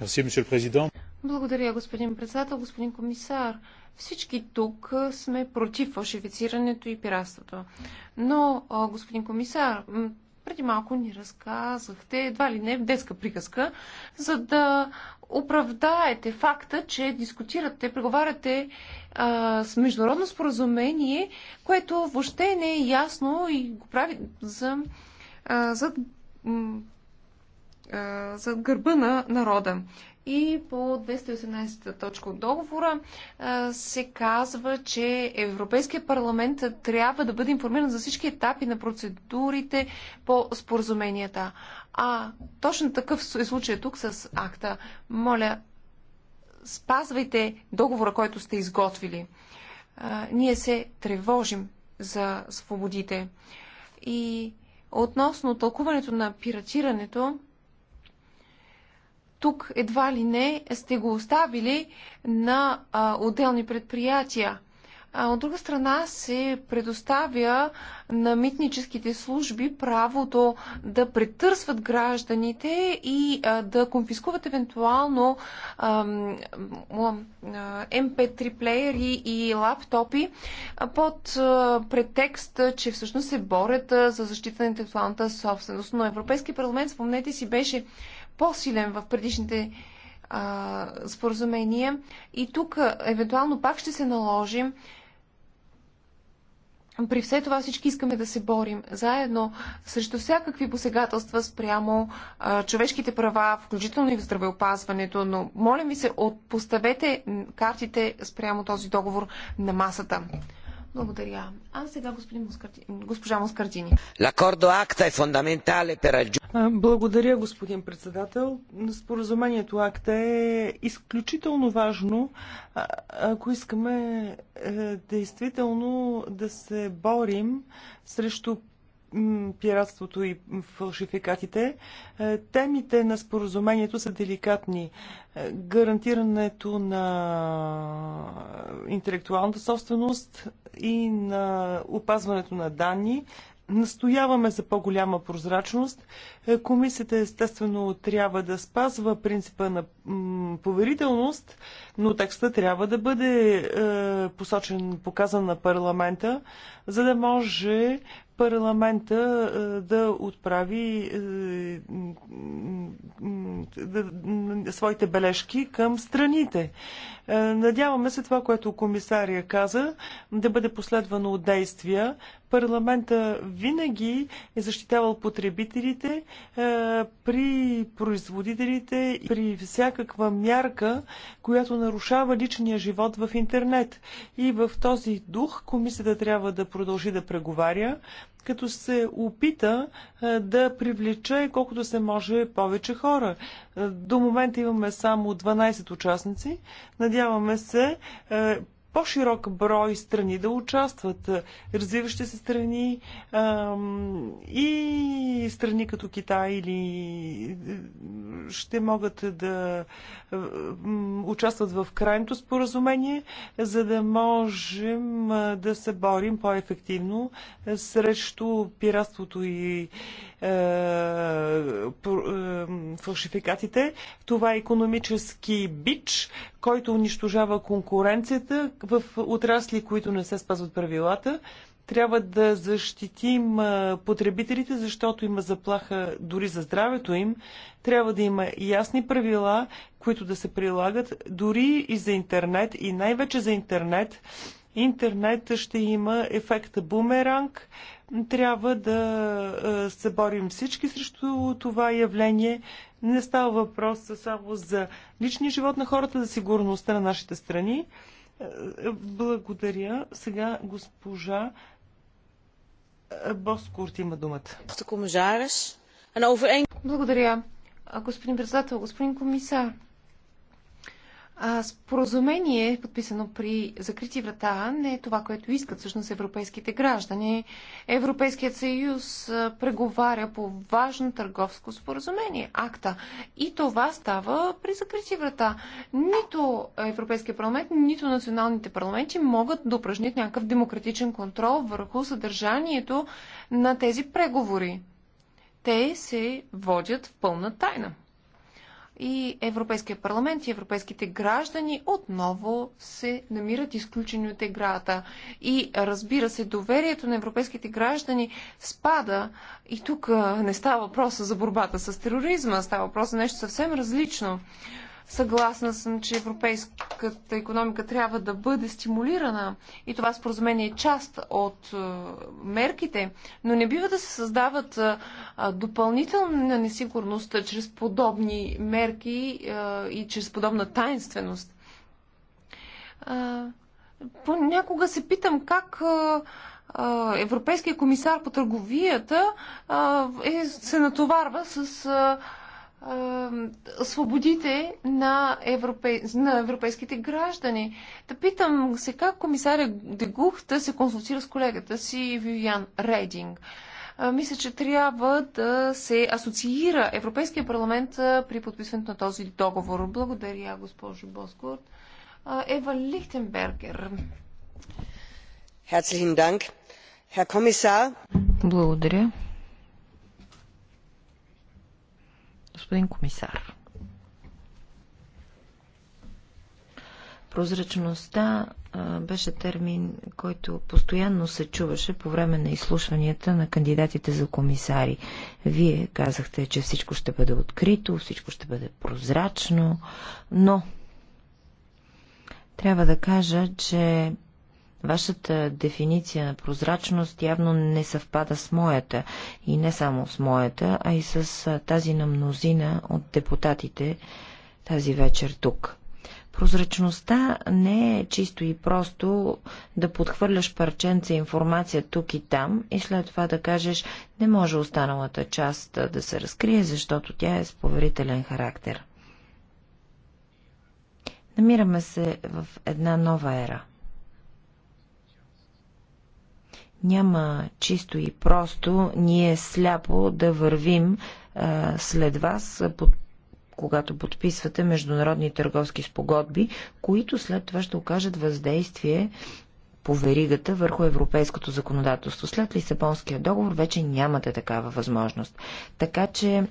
Merci, monsieur le président. Благодаря, господин председател, господин комисар. Всички тук сме против фалшифицирането и пиратството. Но, господин комисар, преди малко ни разказахте едва ли не детска приказка, за да оправдаете факта, че дискутирате, преговаряте а, с международно споразумение, което въобще не е ясно и го прави за, а, за, а, за гърба на народа. И по 218 точка от договора се казва, че Европейския парламент трябва да бъде информиран за всички етапи на процедурите по споразуменията. А точно такъв е случай тук с акта. Моля, спазвайте договора, който сте изготвили. Ние се тревожим за свободите. И относно тълкуването на пиратирането, тук едва ли не сте го оставили на а, отделни предприятия. А, от друга страна се предоставя на митническите служби правото да претърсват гражданите и а, да конфискуват евентуално а, MP3 плеери и лаптопи под а, претекст, че всъщност се борят а, за защита на интелектуалната собственост. Но Европейски парламент, спомнете си, беше по-силен в предишните а, споразумения и тук а, евентуално пак ще се наложим. При все това всички искаме да се борим заедно срещу всякакви посегателства спрямо а, човешките права, включително и в здравеопазването, но моля ви се, поставете картите спрямо този договор на масата. Благодаря. А сега господин Москарти... госпожа Москартини. Лакордо акта е фундаментале пера... Благодаря, господин председател. Споразумението акта е изключително важно, ако искаме е, действително да се борим срещу пиратството и фалшификатите. Е, темите на споразумението са деликатни. Е, гарантирането на интелектуалната собственост и на опазването на данни. Настояваме за по-голяма прозрачност. Е, комисията естествено трябва да спазва принципа на поверителност, но текста трябва да бъде е, посочен, показан на парламента, за да може парламента е, да отправи е, да, своите бележки към страните. Е, надяваме се това, което комисария каза, да бъде последвано от действия. Парламента винаги е защитавал потребителите е, при производителите и при всякаква мярка, която нарушава личния живот в интернет. И в този дух комисията трябва да продължи да преговаря, като се опита да привлече колкото се може повече хора. До момента имаме само 12 участници. Надяваме се по-широк брой страни да участват, е, развиващи се страни и страни като Китай или е, ще могат да е, участват в крайното споразумение, за да можем да се борим по-ефективно срещу пиратството и е, е, фалшификатите. Това е економически бич, който унищожава конкуренцията в отрасли, които не се спазват правилата. Трябва да защитим е, потребителите, защото има заплаха дори за здравето им. Трябва да има ясни правила, които да се прилагат дори и за интернет, и най-вече за интернет. Интернет ще има ефекта бумеранг, трябва да се борим всички срещу това явление. Не става въпрос само за личния живот на хората, за сигурността на нашите страни. Благодаря. Сега госпожа Боскорт има думата. Благодаря. Господин председател, господин комисар, а споразумение, подписано при закрити врата, не е това, което искат всъщност европейските граждани. Европейският съюз преговаря по важно търговско споразумение, акта. И това става при закрити врата. Нито Европейския парламент, нито националните парламенти могат да упражнят някакъв демократичен контрол върху съдържанието на тези преговори. Те се водят в пълна тайна и Европейския парламент и европейските граждани отново се намират изключени от играта. И разбира се, доверието на европейските граждани спада. И тук не става въпрос за борбата с тероризма, става въпрос за нещо съвсем различно. Съгласна съм, че европейската економика трябва да бъде стимулирана и това споразумение е част от мерките, но не бива да се създават допълнителна несигурност чрез подобни мерки и чрез подобна таинственост. Понякога се питам как Европейския комисар по търговията е, се натоварва с свободите на, европей... на европейските граждани. Да питам се как комисаря Дегухта се консултира с колегата си Вивиан Рейдинг мисля, че трябва да се асоциира Европейския парламент при подписването на този договор. Благодаря, госпожо Боскорт. Ева Лихтенбергер. Благодаря. Господин комисар. Прозрачността беше термин, който постоянно се чуваше по време на изслушванията на кандидатите за комисари. Вие казахте, че всичко ще бъде открито, всичко ще бъде прозрачно, но трябва да кажа, че вашата дефиниция на прозрачност явно не съвпада с моята. И не само с моята, а и с тази на мнозина от депутатите тази вечер тук. Прозрачността не е чисто и просто да подхвърляш парченца информация тук и там и след това да кажеш не може останалата част да се разкрие, защото тя е с поверителен характер. Намираме се в една нова ера. Няма чисто и просто ние сляпо да вървим а, след вас под когато подписвате международни търговски спогодби, които след това ще окажат въздействие по веригата върху европейското законодателство. След Лисабонския договор вече нямате такава възможност. Така че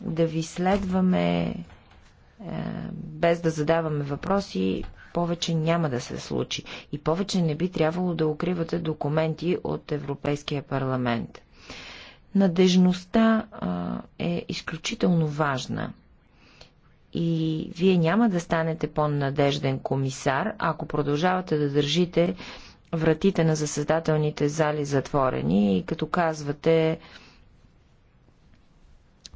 да ви следваме е, без да задаваме въпроси, повече няма да се случи. И повече не би трябвало да укривате документи от Европейския парламент. Надежността а, е изключително важна. И вие няма да станете по-надежден комисар, ако продължавате да държите вратите на заседателните зали затворени и като казвате,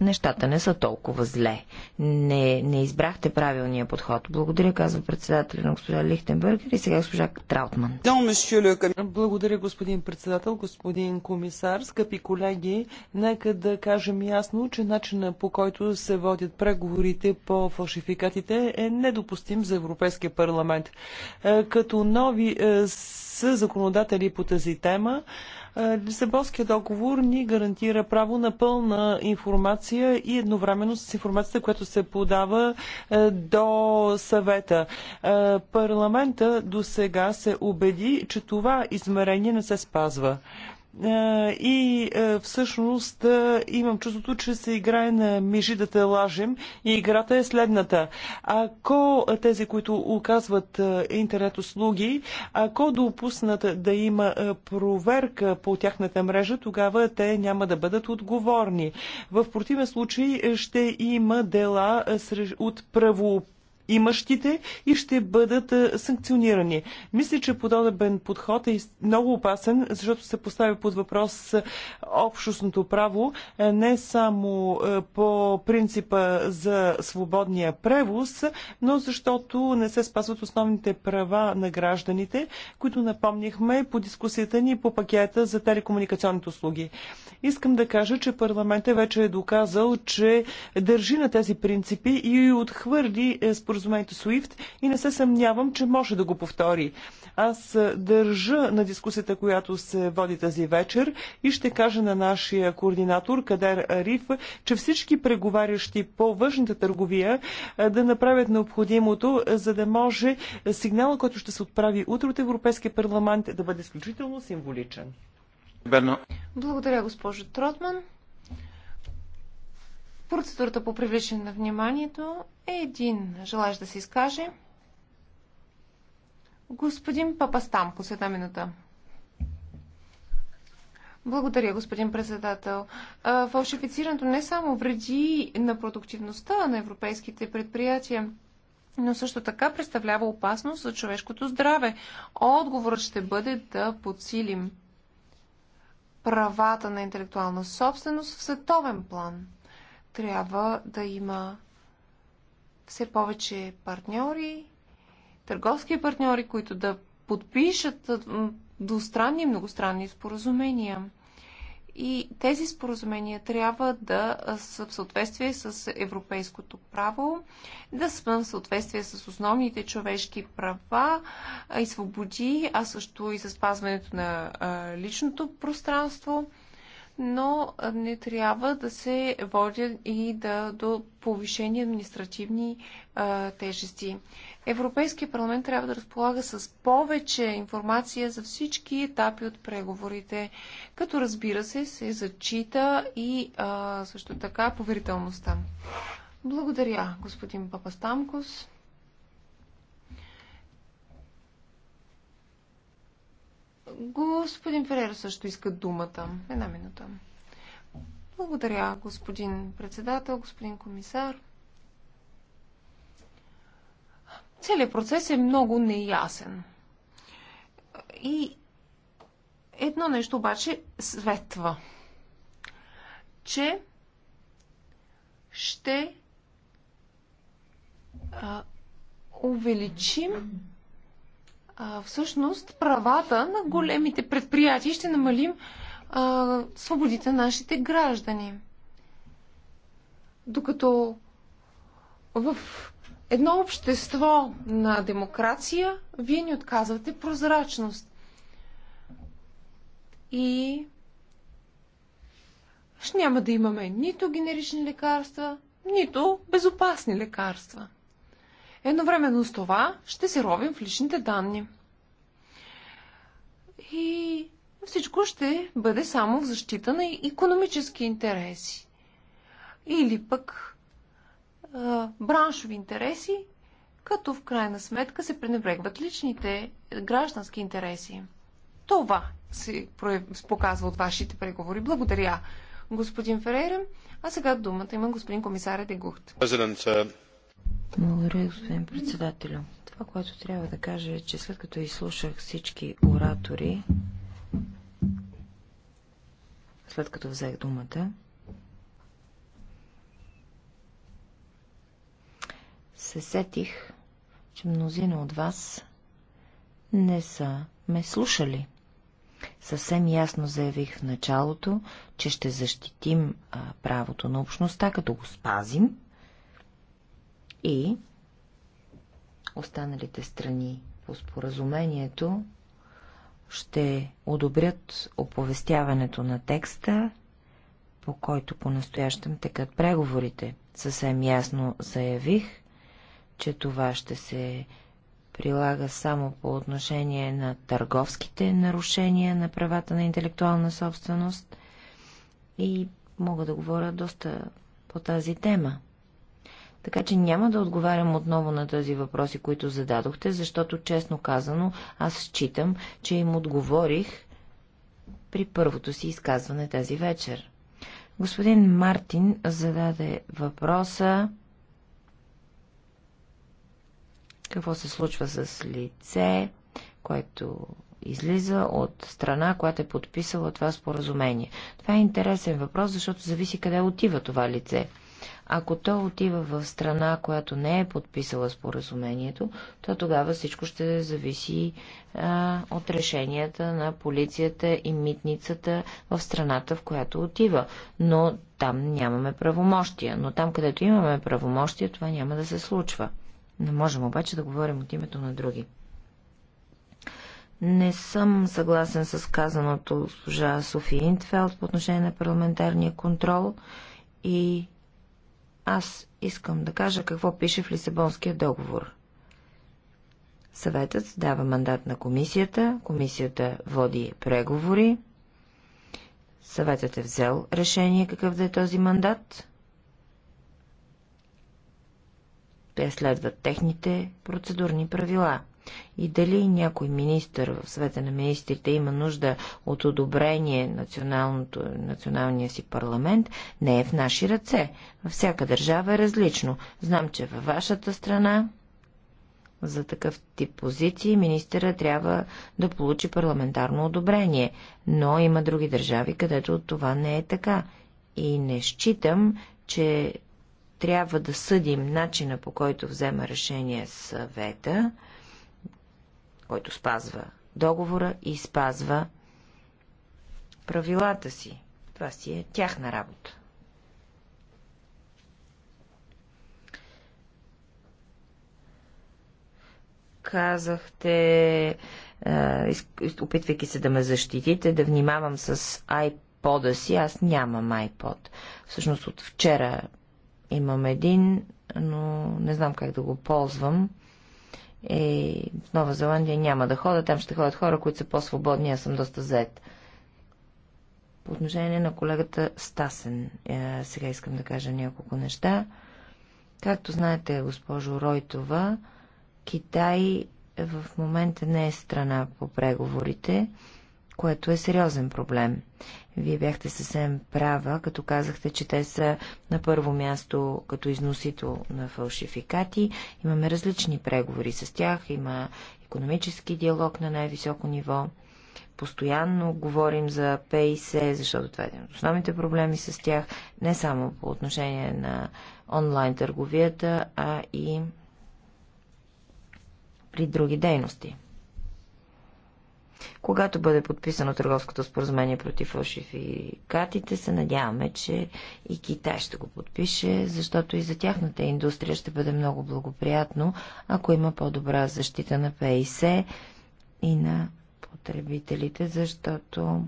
нещата не са толкова зле. Не, не избрахте правилния подход. Благодаря, казва председателя на госпожа Лихтенбъргер и сега госпожа Траутман. Благодаря, господин председател, господин комисар, скъпи колеги. Нека да кажем ясно, че начина по който се водят преговорите по фалшификатите е недопустим за Европейския парламент. Е, като нови е, с законодатели по тази тема, е, Лисабонския договор ни гарантира право на пълна информация и едновременно с информацията, която се подава е, до съвета. Е, парламента до сега се убеди, че това измерение не се спазва и всъщност имам чувството, че се играе на мижи да те лажем и играта е следната. Ако тези, които оказват интернет услуги, ако допуснат да има проверка по тяхната мрежа, тогава те няма да бъдат отговорни. В противен случай ще има дела от правоопределение имащите и ще бъдат санкционирани. Мисля, че подобен подход е много опасен, защото се поставя под въпрос общностното право не само по принципа за свободния превоз, но защото не се спазват основните права на гражданите, които напомнихме по дискусията ни по пакета за телекомуникационните услуги. Искам да кажа, че парламентът вече е доказал, че държи на тези принципи и отхвърли е, според споразумението SWIFT и не се съмнявам, че може да го повтори. Аз държа на дискусията, която се води тази вечер и ще кажа на нашия координатор Кадер Ариф, че всички преговарящи по външната търговия да направят необходимото, за да може сигнала, който ще се отправи утре от Европейския парламент да бъде изключително символичен. Берно. Благодаря, госпожо Тротман. Процедурата по привличане на вниманието един желаеш да се изкаже. Господин Папастамко, с една минута. Благодаря, господин председател. Фалшифицирането не само вреди на продуктивността на европейските предприятия, но също така представлява опасност за човешкото здраве. Отговорът ще бъде да подсилим правата на интелектуална собственост в световен план. Трябва да има все повече партньори, търговски партньори, които да подпишат двустранни и многостранни споразумения. И тези споразумения трябва да са в съответствие с европейското право, да са в съответствие с основните човешки права и свободи, а също и с спазването на личното пространство – но не трябва да се водят и да, до повишени административни а, тежести. Европейския парламент трябва да разполага с повече информация за всички етапи от преговорите, като разбира се се зачита и а, също така поверителността. Благодаря, господин Папастамкос. Господин Ферера също иска думата. Една минута. Благодаря, господин председател, господин комисар. Целият процес е много неясен. И едно нещо обаче светва, че ще а, увеличим а, всъщност правата на големите предприятия ще намалим а, свободите на нашите граждани. Докато в едно общество на демокрация вие ни отказвате прозрачност. И ще няма да имаме нито генерични лекарства, нито безопасни лекарства. Едновременно с това ще се ровим в личните данни. И всичко ще бъде само в защита на економически интереси. Или пък а, браншови интереси, като в крайна сметка се пренебрегват личните граждански интереси. Това се показва от вашите преговори. Благодаря, господин Ферейрем. А сега думата има господин комисаря Дегухт. Благодаря, господин председателю. Това, което трябва да кажа е, че след като изслушах всички оратори, след като взех думата, се сетих, че мнозина от вас не са ме слушали. Съвсем ясно заявих в началото, че ще защитим а, правото на общността, като го спазим и останалите страни по споразумението ще одобрят оповестяването на текста, по който по-настоящем текат преговорите. Съвсем ясно заявих, че това ще се прилага само по отношение на търговските нарушения на правата на интелектуална собственост и мога да говоря доста по тази тема. Така че няма да отговарям отново на тези въпроси, които зададохте, защото честно казано аз считам, че им отговорих при първото си изказване тази вечер. Господин Мартин зададе въпроса какво се случва с лице, което излиза от страна, която е подписала това споразумение. Това е интересен въпрос, защото зависи къде отива това лице. Ако то отива в страна, която не е подписала споразумението, то тогава всичко ще зависи а, от решенията на полицията и митницата в страната, в която отива. Но там нямаме правомощия. Но там, където имаме правомощия, това няма да се случва. Не можем обаче да говорим от името на други. Не съм съгласен с казаното служа Софи Интфелд по отношение на парламентарния контрол и аз искам да кажа какво пише в Лисабонския договор. Съветът дава мандат на комисията, комисията води преговори, съветът е взел решение какъв да е този мандат, те следват техните процедурни правила – и дали някой министр в света на министрите има нужда от одобрение националния си парламент, не е в наши ръце. Във всяка държава е различно. Знам, че във вашата страна за такъв тип позиции министъра трябва да получи парламентарно одобрение, но има други държави, където това не е така. И не считам, че трябва да съдим начина по който взема решение съвета който спазва договора и спазва правилата си. Това си е тяхна работа. Казахте, опитвайки се да ме защитите, да внимавам с iPod-а си. Аз нямам iPod. Всъщност от вчера имам един, но не знам как да го ползвам е, в Нова Зеландия няма да хода, там ще ходят хора, които са по-свободни, аз съм доста зает. По отношение на колегата Стасен, е, сега искам да кажа няколко неща. Както знаете, госпожо Ройтова, Китай в момента не е страна по преговорите което е сериозен проблем. Вие бяхте съвсем права, като казахте, че те са на първо място като износител на фалшификати. Имаме различни преговори с тях, има економически диалог на най-високо ниво. Постоянно говорим за ПИС, защото това е един от основните проблеми с тях, не само по отношение на онлайн търговията, а и при други дейности. Когато бъде подписано търговското споразумение против фалшификатите, се надяваме, че и Китай ще го подпише, защото и за тяхната индустрия ще бъде много благоприятно, ако има по-добра защита на ПИС и на потребителите, защото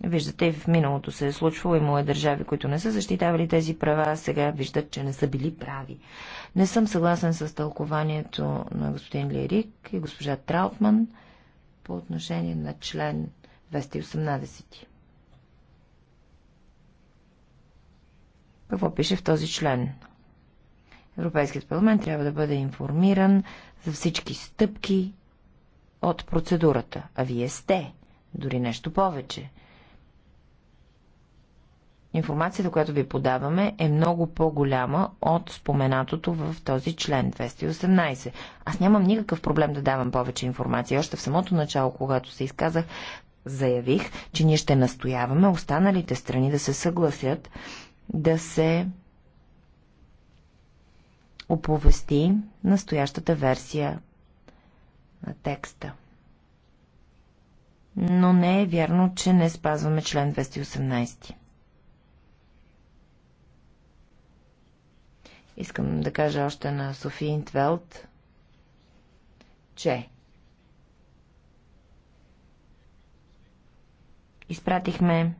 Виждате, в миналото се е случвало, имало е държави, които не са защитавали тези права, а сега виждат, че не са били прави. Не съм съгласен с тълкованието на господин Лерик и госпожа Траутман по отношение на член 218. Какво пише в този член? Европейският парламент трябва да бъде информиран за всички стъпки от процедурата, а вие сте, дори нещо повече – Информацията, която ви подаваме, е много по-голяма от споменатото в този член 218. Аз нямам никакъв проблем да давам повече информация. Още в самото начало, когато се изказах, заявих, че ние ще настояваме останалите страни да се съгласят да се оповести настоящата версия на текста. Но не е вярно, че не спазваме член 218. Искам да кажа още на Софи Интвелт, че изпратихме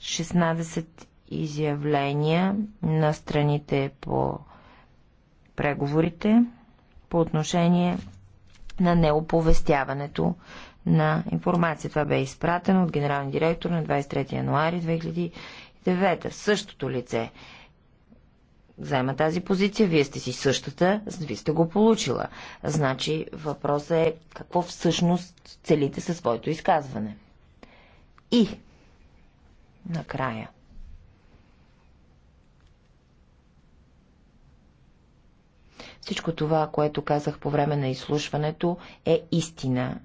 16 изявления на страните по преговорите по отношение на неоповестяването на информация. Това бе изпратено от генерален директор на 23 януари 2009. Същото лице взема тази позиция, вие сте си същата, вие сте го получила. Значи въпросът е какво всъщност целите със своето изказване. И накрая. Всичко това, което казах по време на изслушването, е истина.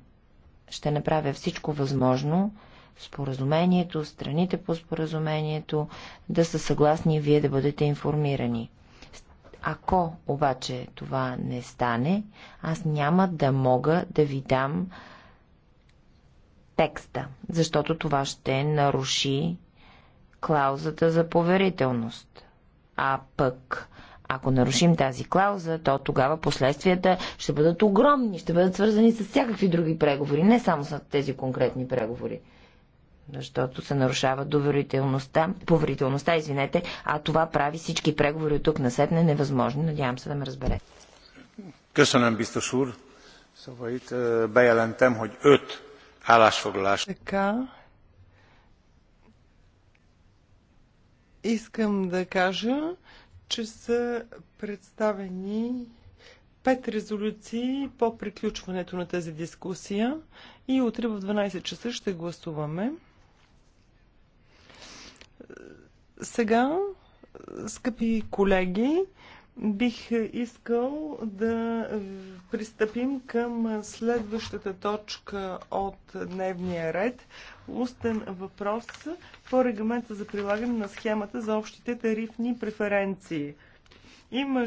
Ще направя всичко възможно, споразумението, страните по споразумението да са съгласни и вие да бъдете информирани. Ако обаче това не стане, аз няма да мога да ви дам текста, защото това ще наруши клаузата за поверителност. А пък, ако нарушим тази клауза, то тогава последствията ще бъдат огромни, ще бъдат свързани с всякакви други преговори, не само с тези конкретни преговори защото се нарушава доверителността, поверителността, извинете, а това прави всички преговори от тук насетне невъзможни. Надявам се да ме разберете. Köszönöm, biztos úr. Szóval itt е, bejelentem, hogy Така. Искам да кажа, че са представени пет резолюции по приключването на тази дискусия и утре в 12 часа ще гласуваме. Сега, скъпи колеги, бих искал да пристъпим към следващата точка от дневния ред. Устен въпрос по регламента за прилагане на схемата за общите тарифни преференции. Имаш